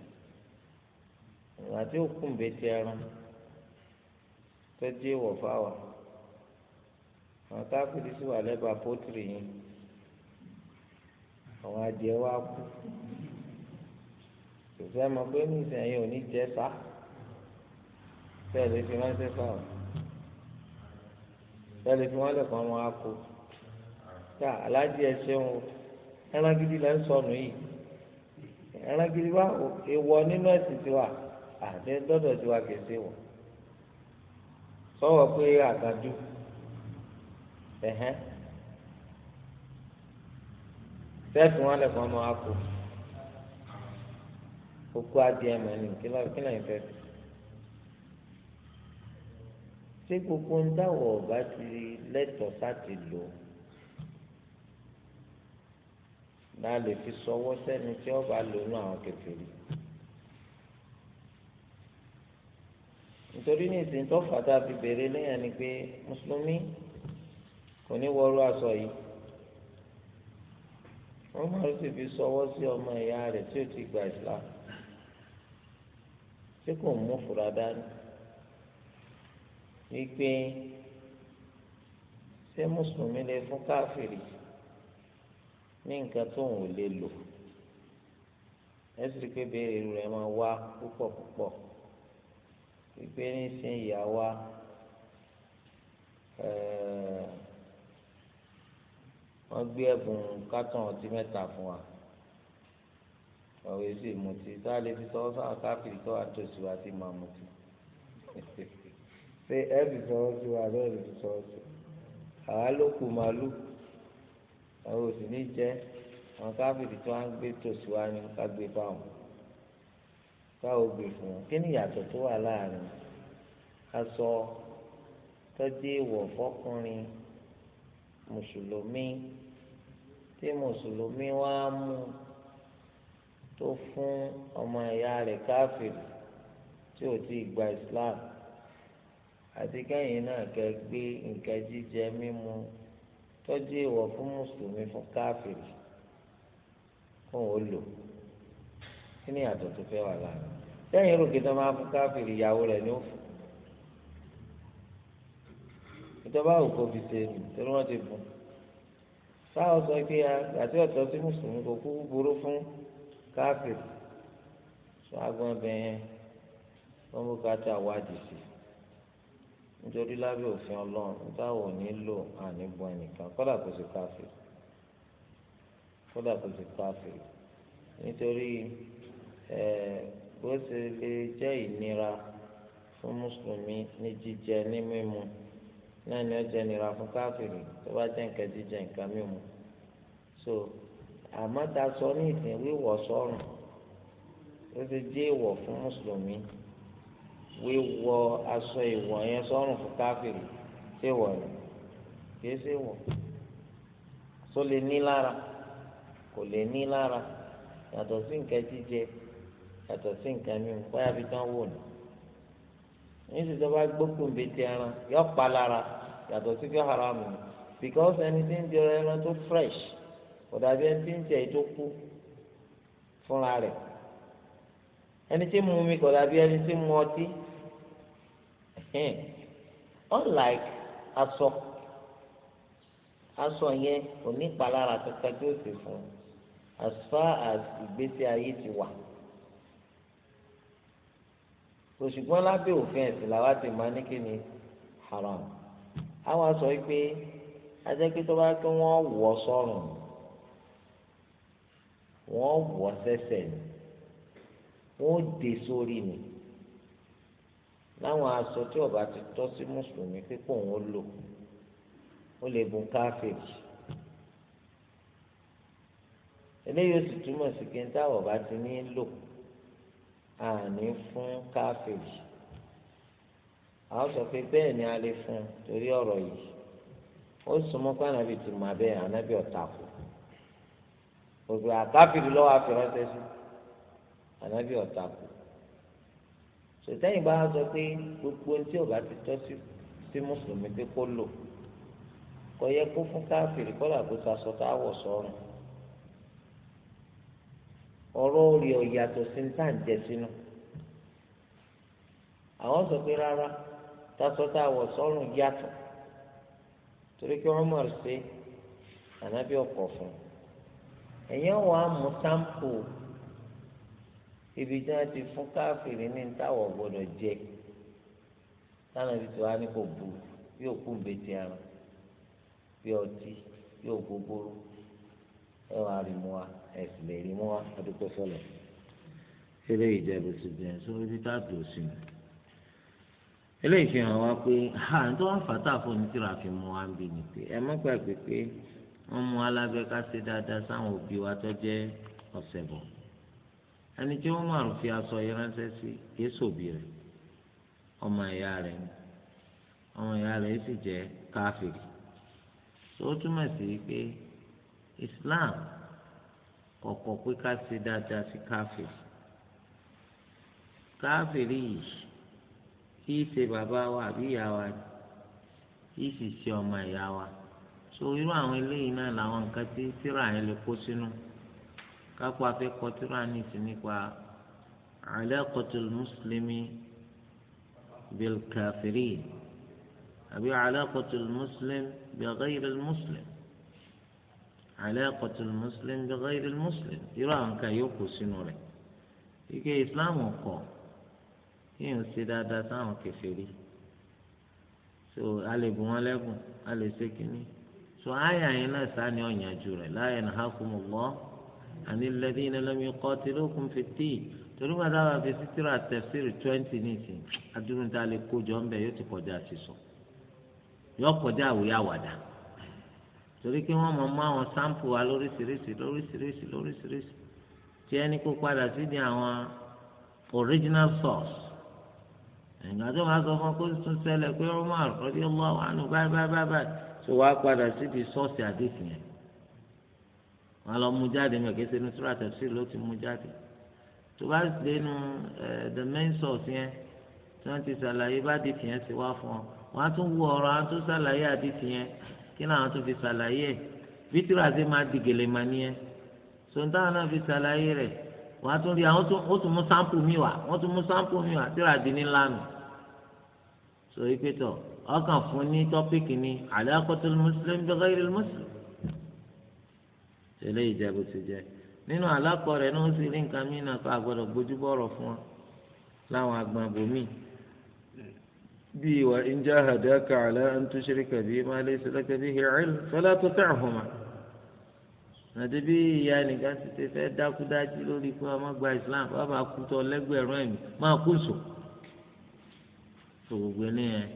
ìgbà tí ó kùn bẹ́tẹ̀ ẹran tó dé ìwọ̀ fáwà àwọn káfìrí sì wà lẹ́bàá pọ́tìrì yìí àwọn adìẹ wa kú kò mọ pé ní ìsìn ẹ̀yìn jẹ́ sáà. tẹ́lẹ̀ fi ránṣẹ́ fáwọn tẹ́lẹ̀ fi wọ́n lẹ̀kọ́ wọn á tá aláàjì ẹ ṣeun ẹran gidi lẹ́ ń sọnù yìí ẹran gidi wá ìwọ nínú ẹ̀sìn tiwa àti dọ́dọ̀ tiwa kìí ṣe sọ̀wọ́ pé àgàdù ẹ̀hẹ́n tẹ́ẹ̀tì wọn wọn òkú adìẹ mọ̀ ní kí ṣé gbogbo ń dáwọ̀ ọ̀bá ti lẹ́tọ̀ọ́ sáti lò la lè fi sọwọ́ sẹ́ni tí ọba lò nù àwọn kèfèrí nítorí ní ìsìn tó fàtà fi béèrè lẹ́yìn ni pé mùsùlùmí kò ní wọrú aṣọ yìí wọ́n máa sì fi sọwọ́ sí ọmọ ìyá rẹ̀ tí ó ti gba ìsìlámù tí kò mú fura dání wípé ṣé mùsùlùmí lè fún káfìrí ní nǹkan tó ń lè lò ẹsì pé béèrè rẹ̀ máa wá púpọ̀ púpọ̀ wípé nísìnyí ìyá wa wọ́n gbé ẹ̀bùn kátàn ọtí mẹ́ta fún wa ọ̀rọ̀ èsì ìmùtí tá a lè fi sọ́wọ́ sáà káfìrí tó wà tòsí wa ti máa mutí. (laughs) ṣé ẹ fi sọ̀rọ̀ sí wa àbẹ́ ẹ fi sọ̀rọ̀ sí àwa ló kù màálù àwọn òsì ní jẹ́ àwọn káfíìtì tí wọ́n gbé tòsí wa ni ká gbé fáwọn káwọn gbé fún wọn kí ni ìyàtọ̀ tó wà láàrin aṣọ tọ́jú ìwọ̀ fọkùnrin mùsùlùmí tí mùsùlùmí wá mú tó fún ọmọ ìyá rẹ̀ káfíìrì tí ò tí gba Islam àti kẹ́yìn náà kẹ́ gbé nǹkan jíjẹ mímu tọ́jú èèwọ̀ fún mùsùlùmí fún káfíìrì fún olò kí ni àtọ̀ tó fẹ́ wà lára sẹ́yìn rò kí tó máa fún káfíìrì ìyàwó rẹ̀ ní òfò ìjọba òkò fi ṣe nù torí wọ́n ti fún sáwọn sọ pé àti ọ̀tọ̀ tí mùsùlùmí kò kú burú fún káfíìrì sọ agbọ́n bẹ́ẹ̀ wọ́n mú ká tó àwádìí sí i nítorí lábẹ́ òfin ọlọ́run táwọn ò ní lò àníbọ ẹnìkan kódà kò sí káfíìn kódà kò sí káfíìn nítorí ẹ bó ṣe lè jẹ́ ìnira fún mùsùlùmí ní jíjẹ ní mímu náà ni ó jẹ́ ìnira fún káfíìn tó bá jẹ́ nǹkan jíjẹ nǹkan mímu so àmọ́ ta sọ ní ìsìn wíwọ̀ sọ́run ó ti jẹ́ ìwọ̀ fún mùsùlùmí wíwọ aṣọ ìwọ̀ yẹn sọ́rùn fún káfíìrì ṣé wọ̀ ni kìí ṣe wọ̀ tó lè ní lára kò lè ní lára yàtọ̀ sí nǹkan jíjẹ yàtọ̀ sí nǹkan mímu báyà fi tán wò ni níṣẹ́ bá gbókùn bètè ẹran yọ pa lára yàtọ̀ sí fi haram ni because ẹni tí ń jẹ ẹran tó fresh kò dàbí ẹni tí ń jẹ èyí tó kú fúnra rẹ̀ ẹni tí mu mi kò dàbí ẹni tí mu ọtí him unlike aṣọ aṣọ yẹn kò ní ìpalára kankan tí ó sì fún as far as ìgbésí ayé ti wà òṣùgbọ́n lábẹ́ òfin ẹ̀sìn làwa ti máa ní kí ni haram àwọn aṣọ yìí pé ajẹ́pẹ́ tó bá kí wọ́n wọ̀ sọ́rùn wọ́n wọ̀ sẹ́sẹ̀ ni wọ́n dé sórí ni láwọn aṣọ tí ọba ti tọ́ sí mùsùlùmí pípọ̀ òun lò ó lè bùn káfíìrì eléyìí ó sì túmọ̀ sí pé táwọn ọba ti ní lò àní fún káfíìrì àwọn sọ pé bẹ́ẹ̀ ni a lè fún un torí ọ̀rọ̀ yìí ó súnmọ́ pé ànábì ti mọ̀ abẹ́ ànábì ọ̀tà kù gbogbo àkáfíìrì lọ́wọ́ àfẹ́rẹ́sẹ́ ànábì ọ̀tà kù. sọtẹ́yìn bá sọ pé gbogbo ohun tí ò bá ti tọ́ sí mùsùlùmí pé kó lò kò yẹ kó fún káfíìrì tá a wọ̀ sọ́run ọ̀rọ̀ orí ọ̀yàtọ̀ sí ní tàǹjẹ̀ sínú àwọn sọ pé rárá tasọ tá a wọ̀ sọ́run yàtọ̀ torí pé wọ́n mọ̀ sí ànábì ọkọ̀ fún ẹ̀yẹ́ wọn á mú ibi tí wọn ti fún káfíìrì ní ntàwọ gbọ́dọ̀ jẹ táwọn ibi tí wọn ní kò bu yóò kú nbẹtì ara bí ọtí yóò gbogbooro ẹ wàá rí mu wa ẹ sì lè rí mu wa adúgbò fọlọ. eléyìí jẹ bó ti bẹ sórí títà tó sí mi eléyìí fi hàn wá pé ha ní tó wá fàtà fún mi tí ràfi mu wa ń bi ni pé ẹ má gbàgbé pé wọn mú alábẹ ṣe dáadáa sáwọn òbí wa tó jẹ ọsẹ bọ ẹni tí Umar fi aṣọ yìí ránṣẹ́ sí kìí sòbí rẹ̀ ọmọ ìyá rẹ̀ ni ọmọ ìyá rẹ̀ sì jẹ́ káfíìrì tó túmọ̀ sí pé Islam kọ̀kọ̀ pé ká ṣe dáadáa sí káfíìrì káfíìrì yìí kì í ṣe bàbá wa àbí ìyá wa kì sì ṣe ọmọ ìyá wa so irú àwọn eléyìí náà làwọn nǹkan tí síra yẹn lè kó sínú. Si kápò afẹ́kọ̀ọ́ tíra ní ti nípa alaqatul muslimi bil kafirin àbí alaqatul muslim bi ghayril muslim alaqatul muslim bi ghayril muslim irú àwọn kan yóò kó sínú rẹ̀ ike islam kọ̀ yíyan ṣe dáadáa sáwọn kèfèrí so a lè bù wọn lẹ́bùn a lè ṣe kínní so àyà yẹn náà sáni ọ̀yànjú rẹ̀ la yanhakumullahu àní alladhina lam yuqatilukum fid-din torí wọn dábàá fi sítírà tafsir twenty nìsín adúrúntà lè kójọ ńbẹ yóò ti kọjá sísọ yóò kọjá àwòyáwàdà torí kí wọn mọ mọ àwọn sáǹpù wa lóríṣiríṣi lóríṣiríṣi lóríṣiríṣi tí ẹni kó padà sídìí àwọn original source ìgbà tó máa sọ fún kó tún ṣẹlẹ̀ pé Umar radiyallahu anhu báyìí báyìí báyìí tó wàá padà sídìí sọ́ọ̀sì àdéhùn yẹn wọn lọ mú jáde mọ̀ kéṣe ní sura tafsir ló ti mú jáde tó bá dé nu the main source yẹn tí wọ́n ti ṣàlàyé bá di fìyẹn sí wá fún ọ wọ́n á tún wú ọ̀rọ̀ á tún ṣàlàyé àdí fìyẹn kí làwọn tún fi ṣàlàyé ẹ̀ bítúrò àti máa di gèlè mà nìyẹn sọ̀tàn náà fi ṣàlàyé rẹ̀ wọ́n á tún rí àwọn ó tún mú sáǹpù mi wá wọ́n tún mú sáǹpù mi wá tíra di ní lánàá sọ ìpẹ́tọ̀ ọkàn fún ní tọ́píkì ní àlẹ́ mùsùlùmí bí eléyìí jẹ bó ti jẹ nínú alákọ rẹ ní ó sì rí nǹkan mí náà kó àgbọ́dọ̀ gbójúbọ̀rọ̀ fún wọn láwọn agbọn abòmí bíi wà in jahadaka ala an tushrika bi ma laysa laka bihi ilm fala tuti'huma nàti bí ìyá nìkan ti ti fẹ́ dákúdájí lórí pé ọmọ gba islam bàbá kú tọ lẹ́gbẹ̀rún ẹ̀mí máa kú sùn tó gbogbo eléyẹn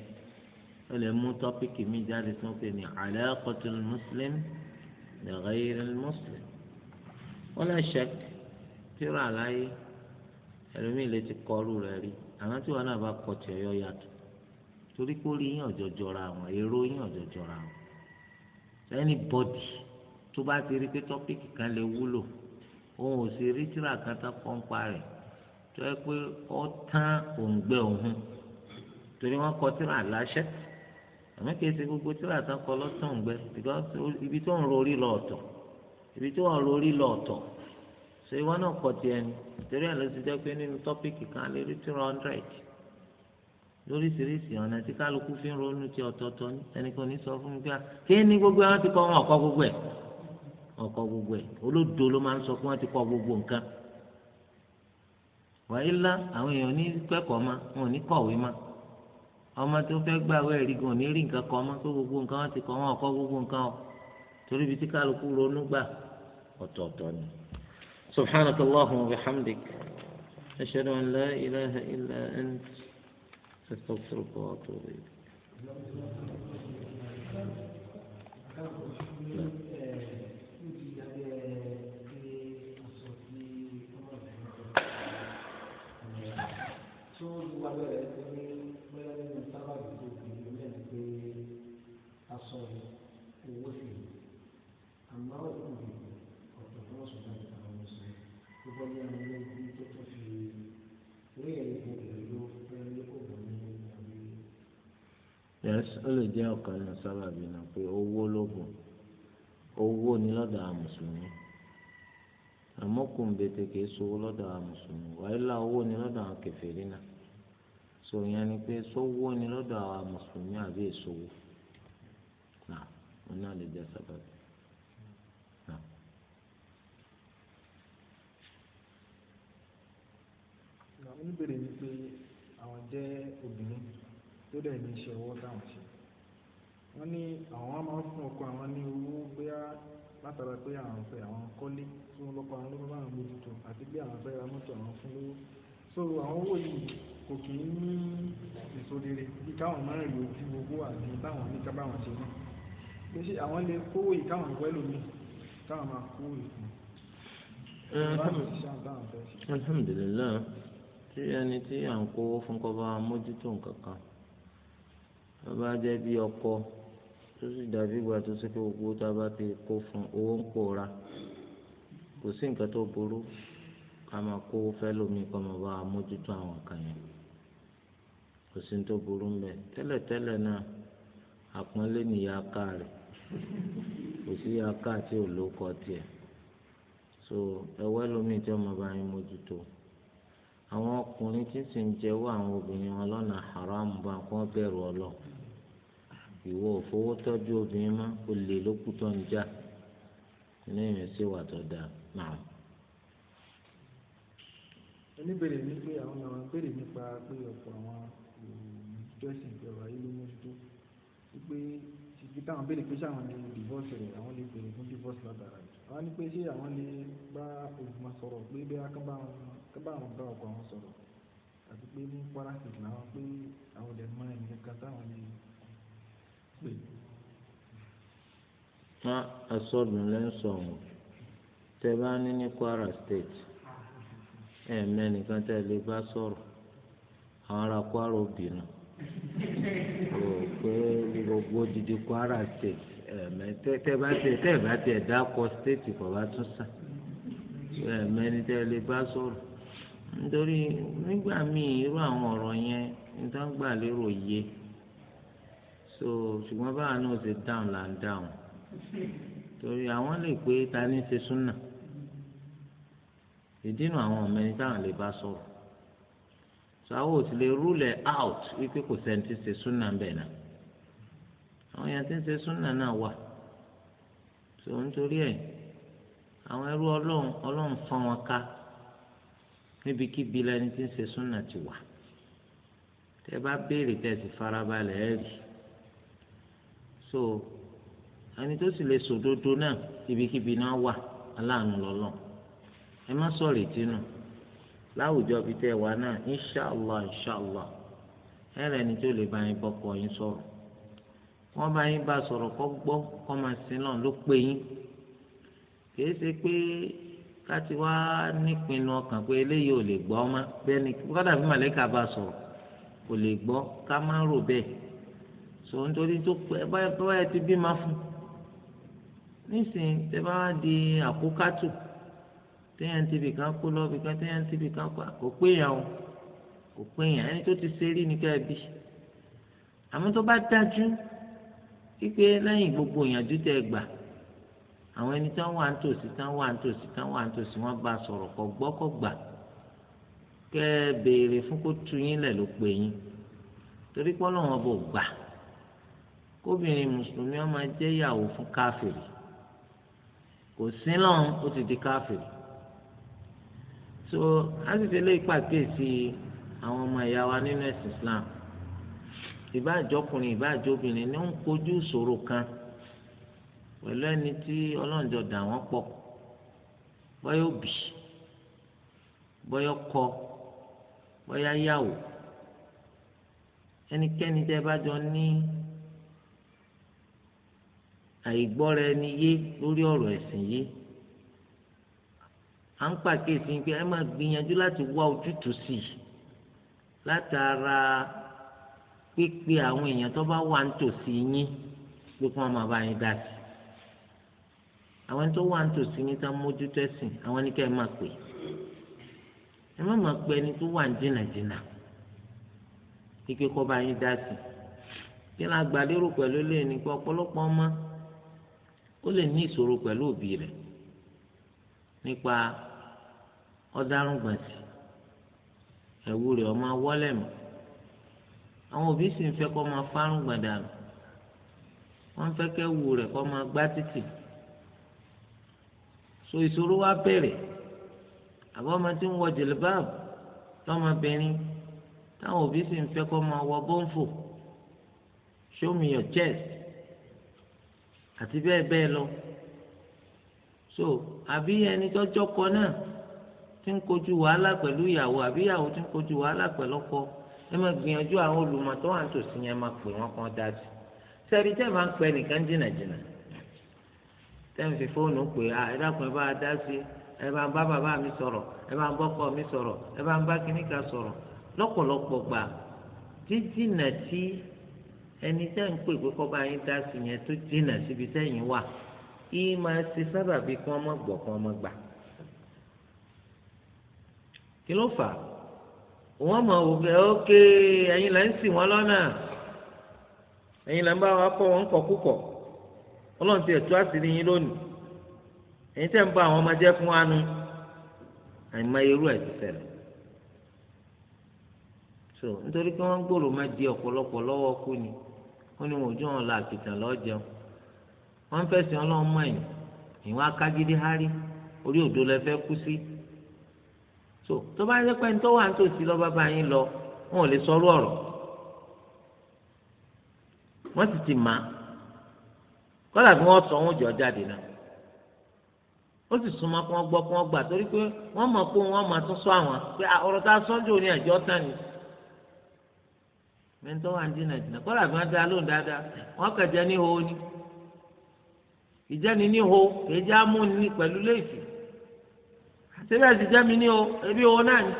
ó lè mú tọ́pìkì mi jáde tó ń pè ní alaqatul لغير المسلم ولا شك tíra àlàyé ẹlòmíì lè ti kọrú rẹ̀ rí àmọ́ tí wọn náà bá kọ tiẹ̀ yọ yàtọ̀ torí pé orí yín ọjọ jọra àwọn èrò yín ọjọ jọra àwọn ẹni bọdì tó bá ti rí pé tọpíkì kan lè wúlò òun ò sì rí tíra kan tán pọnpa rẹ̀ tó yẹ pé ọ tán òǹgbẹ òun torí wọn kọ tíra àlàṣẹ àmọ́ kìí ṣe gbogbo tí wàá sánkọ lọ́tàn gbẹ because ibi tó ń rorí lọ ọ̀tọ̀ ibi tó ń rorí lọ ọ̀tọ̀ so ìwọ náà kọ tiẹ̀ ni torí ẹ̀ ló ti jẹ́ pé nínú tọ́pìkì kan lè rí two hundred lóríṣiríṣi ọ̀nà tí kálukú fi ń ronú ti ọ̀tọ̀ọ̀tọ̀ ní ẹnìkan ní sọ fún mi pé kí ni gbogbo wọn ti kọ wọn ọ̀kọ́ gbogbo ẹ̀ ọ̀kọ́ gbogbo ẹ̀ olódo ló máa ń sọ pé wọ́n ti kọ gbogbo nǹkan wàyí lá àwọn èèyàn ní kẹ́kọ̀ọ́ ma wọn ò ní kọ̀wé ma ọmọ tó fẹ́ gbà wọ ẹ̀rí gan ní rí nǹkan kan ọmọ tó gbogbo nǹkan wọn ti kọ́ wọn ọkọ́ gbogbo nǹkan ọ torí bí tí kálukú ronú gbà ọ̀tọ̀ọ̀tọ̀ ni. subhanahu wa ta'ala wa bihamdik ashadu an la ilaha illa ant astaghfiruka wa atubu ilayk. Thank you. ó lè jẹ́ ọ̀kan nínú sábàbí náà pé owó lóògùn owó ni lọ́dọ̀ àwọn mùsùlùmí àmọ́ kùnbètè kìí sowó lọ́dọ̀ àwọn mùsùlùmí wàhálà owó ni lọ́dọ̀ àwọn kèfèrí náà sòyìn ni pé sówó ni lọ́dọ̀ àwọn mùsùlùmí àbí èsòwò náà wọn náà lè jẹ́ sábàbí. oníbèrè ni pé àwọn jẹ́ obìnrin tó dẹ̀ ní iṣẹ́ ọwọ́ táwọn ṣe wọ́n ní àwọn máa fún ọkọ àwọn ní owó bóyá látara pé àwọn fẹ́ àwọn kọ́lé tí wọ́n lọ́kọ àwọn lọ́kọ àwọn mójútó àti bí àwọn fẹ́ mọ́tò àwọn fún lówó so àwọn owó yìí kò kì í ní èso bí káwọn máa ń rí ojú owó àti báwọn ní ká ṣe náà pé ṣé àwọn lè kówó yìí káwọn ìwẹ́ lómi káwọn máa kówó yìí fún un. Eh, alhamdulilayi tí ẹni tí à ń kówó fún kọ́ bá mójútó nǹkan kan bàbá jẹ́ bí ọkọ tó sì dàbí ìgbà tó ṣe pé gbogbo tá a bá ti kó fún owó ń pòórá kò sí nǹkan tó burú ká máa kó fẹ́ lómi kó máa bá a mójútó àwọn kan yẹn kò sí nǹkan tó burú ń bẹ tẹ́lẹ̀tẹ́lẹ̀ náà àpọ́nlé nìyá aká rẹ̀ kò sí aká tí ò tiẹ̀ so ẹwẹ́ lómi tí wọ́n máa bá yín mójútó àwọn ọkùnrin tí sì ń jẹ́wọ́ àwọn obìnrin wọn lọ́nà haram bá wọn bẹ̀rù ọlọ́run ìwọ òfowó tọ́jú obìnrin mọ́ o lè lókù tó ń jà lẹ́yìn sí wà tó dáa náà. oníbèrè ní pé àwọn àwọn béèrè nípa pé ọ̀pọ̀ àwọn ìjọsìn ìjọba yìí ló mójútó wípé ibi táwọn béèrè pé sáwọn lè divorce rẹ̀ àwọn lè béèrè fún divorce látara rẹ̀ àwọn ní pé ṣé àwọn lè bá ògùnmọ̀ sọ̀rọ̀ pé bí akábá àwọn bá ọkọ àwọn sọ̀rọ̀ àti pé ní kwara state làwọn pé àwọn lè mọ ẹnìkan táwọn lè. ná asọ́dún lẹ́ ń sọ̀rọ̀ tẹ bá ní ní Kwara state ẹ̀ mẹ́nìkan tẹ́ lè bá sọ̀rọ̀ àwọn Kwara obìnrin pé gbogbo didi Kwara state ẹ̀ tẹ́ bá tẹ tẹ́ bá tẹ dákọ̀ state kò bá tún sàn mẹ́ni yẹn nígbà so ṣùgbọ́n báwa náà ṣe dáhùn là ń dáhùn torí àwọn lè pé ta ní ṣe súnà ìdínà àwọn ọ̀mẹ́ni táwọn lè bá sọ̀rọ̀ so àwọn ò sì lè rúlẹ̀ out wípé kò sẹ́ni tí ń ṣe súnà ń bẹ̀ náà àwọn èèyàn tí ń ṣe súnà náà wà so nítorí ẹ̀ àwọn ẹrú ọlọ́run ọlọ́run fọ́n wọn ká níbikíbi lẹni tí ń ṣe súnà ti wà tẹ bá béèrè tẹ sì farabalẹ̀ ẹ̀ so ẹni tó sì lè sòdodo náà ibikíbi náà wà aláàánú lọ́lọ́ ẹ má nù láwùjọ bíi wà náà inṣàlá inṣàlá ẹ rẹ̀ ni tó lè bá yín bọ́kọ yín sọ̀rọ̀ wọ́n bá yín bá sọ̀rọ̀ kọ́ gbọ́ kọ́ máa sin náà ló pé yín kìí ṣe pé ti wá nípinnu ọkàn pé eléyìí ò lè gbọ́ ọmọ bẹ́ẹ̀ ni kọ́dà bí màlẹ́kà bá sọ̀rọ̀ kò lè gbọ́ ká má rò bẹ́ẹ̀ so nítorí tó pẹ́ báyà ti bímọ fún nísìnyí tẹ́ bá di àkókátù téèyàn ti bì kan kó lọ bì kan téèyàn ti bì kan pa kò péyàn o kò péyàn ẹni tó ti ṣe rí ni ká bí àmọ́ tó bá dájú wípé lẹ́yìn gbogbo ìyànjú tẹ́ gbà àwọn ẹni tán wà nítòsí tán wà nítòsí tán wà nítòsí wọ́n bá sọ̀rọ̀ kọ gbọ́ kọ gbà kẹ́ béèrè fún kó tu yín lẹ̀ ló pè yín torí pé Ọlọ́run ọba gbà kóbìnrin mùsùlùmí ó máa jẹ́ ìyàwó fún káfìrì kò sí lọ́n ó ti di káfìrì so a sì tẹ́lẹ̀ ìpàkíyèsí àwọn ọmọ ìyá wa nínú ẹ̀sìn Islam ìbáàjọkùnrin ìbáàjọbìnrin ni ó ń kojú ìṣòro kan pẹ̀lú ẹni tí ọlọ́njọ dà wọ́n pọ̀ bọ́yọ̀ òbí bọ́yọ̀ kọ bọ́yọ̀ yàwó ẹnikẹ́ni tẹ́ bá jọ ní àìgbọ́ra ẹni yé lórí ọ̀rọ̀ ẹ̀sìn yé à ń pàkíyèsí pé ẹ máa gbìyànjú láti wá ojútùú sí i látara pípé àwọn èèyàn tó bá wà nítòsí yín pé kí wọ́n máa bá yín dá sí àwọn tó wà nítòsí yín tó mójútó ẹ̀sìn àwọn ní ká ẹ máa pè ẹ má máa pe ẹni tó wà ní jìnnàjìnnà kíkẹ́ kọ́ bá yín dá sí kí la gbàlérò pẹ̀lú lẹ́yìn nípa ọ̀pọ̀lọpọ̀ ọmọ ó lè ní ìṣòro pẹ̀lú òbí rẹ̀ nípa ọ̀darùngbọ̀nsì ẹ̀wù rẹ̀ ọmọ wọ́lẹ̀ mọ́ àwọn òbí sì ń fẹ́ kọ́ máa fárùngbọ̀n dànù wọ́n ń fẹ́ kẹ́wù rẹ̀ kọ́ máa gbá títì so ìṣòro wa bẹ̀rẹ̀ àbọ̀ ọmọ tí ń wọ jìlìbáàbù lọ́mọbìnrin táwọn òbí sì ń fẹ́ kọ́ máa wọ bọ́ǹfò show me your chest àti bẹ́ẹ̀ bẹ́ẹ̀ lọ so àbí ẹni tọ́jọ́ kọ náà ti ń kojú wàhálà pẹ̀lú ìyàwó àbí ìyàwó ti ń kojú wàhálà pẹ̀lú ọkọ ẹ máa gbìyànjú àwọn olùmọ̀ tó wà nítòsí yẹn máa pè wọ́n kàn dá sí sẹ́ẹ̀rì tẹ́ máa ń pẹ́ nìkan jìnnà jìnnà tẹ́ ń fi fóònù pè á ẹ dákun ẹ bá a dá sí ẹ bá ń bá bàbá mi sọ̀rọ̀ ẹ bá ń bọ́kọ mi sọ̀rọ̀ ẹ bá ń bá kíníkà sọ̀rọ̀ lọ́pọ̀lọpọ̀ gbà jíjìnà tí ẹni tẹ́ ń pè pé kọ́ba yín dá sí yẹn tó dínà síbi tẹ́yìn wà yìí máa ṣe sábàbí kí wọ́n mọ̀ gbọ́ kí wọ́n mọ̀ gbà. kí ló fà á wọ́n mọ̀ wò pé ókè ẹ̀yin là ń sìn wọ́n lọ́nà ẹ̀yin là ń bá wa kọ́ wọn kọ̀kúkọ̀ ọlọ́run ti ẹ̀tọ́ àṣírí yín lónìí ẹ̀yin tẹ́ ń bá àwọn ọmọ jẹ́ fún wa nu àìmọye irú ẹ̀ ti ṣẹlẹ̀ so nítorí pé wọ́n gbòòrò má di ọ̀pọ̀lọpọ̀ lọ́wọ́ kú ni ó ní wọn ò jọ wọn la àpìtàn lọ jẹun wọn fẹsẹ̀ Ọlọ́run mọ ẹ̀yìn ìwọn akágídí hárí orí òdo lẹ fẹ́ kú sí tó tó bá yẹ pé ń tọ́wọ́ à ń tòsí lọ bàbá yín lọ wọn ò lè sọ ọ̀rọ̀ wọn sì ti mà kọ́lá bí wọ́n sọ wọn jọ jáde náà ó sì súnmọ́ kí wọ́n gbọ́ kí wọ́n gbà torí pé wọ́n mọ̀ pé wọ́n máa tún sọ àwọn pé ọ̀rọ̀ tá a sọ́jọ́ ní àjọ tán ni mẹ́tọ́ wà ní dínà jìnnà kọ́lá àbí wọ́n dá lóhùn dáadáa wọ́n kẹ̀jẹ́ ní hoo ni ìjẹ́ni ní hoo èjì amúni pẹ̀lú léèfì àtẹ́bẹ̀ sì jẹ́ mi ní hoo ebi hoo náà ni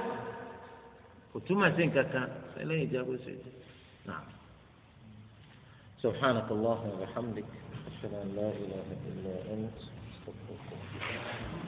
kò túmọ̀ sí nǹkan kan ẹlẹ́yìn ìjágbó ṣe jù náà. سبحانك اللهم وبحمدك أشهد أن لا إله إلا أنت أستغفرك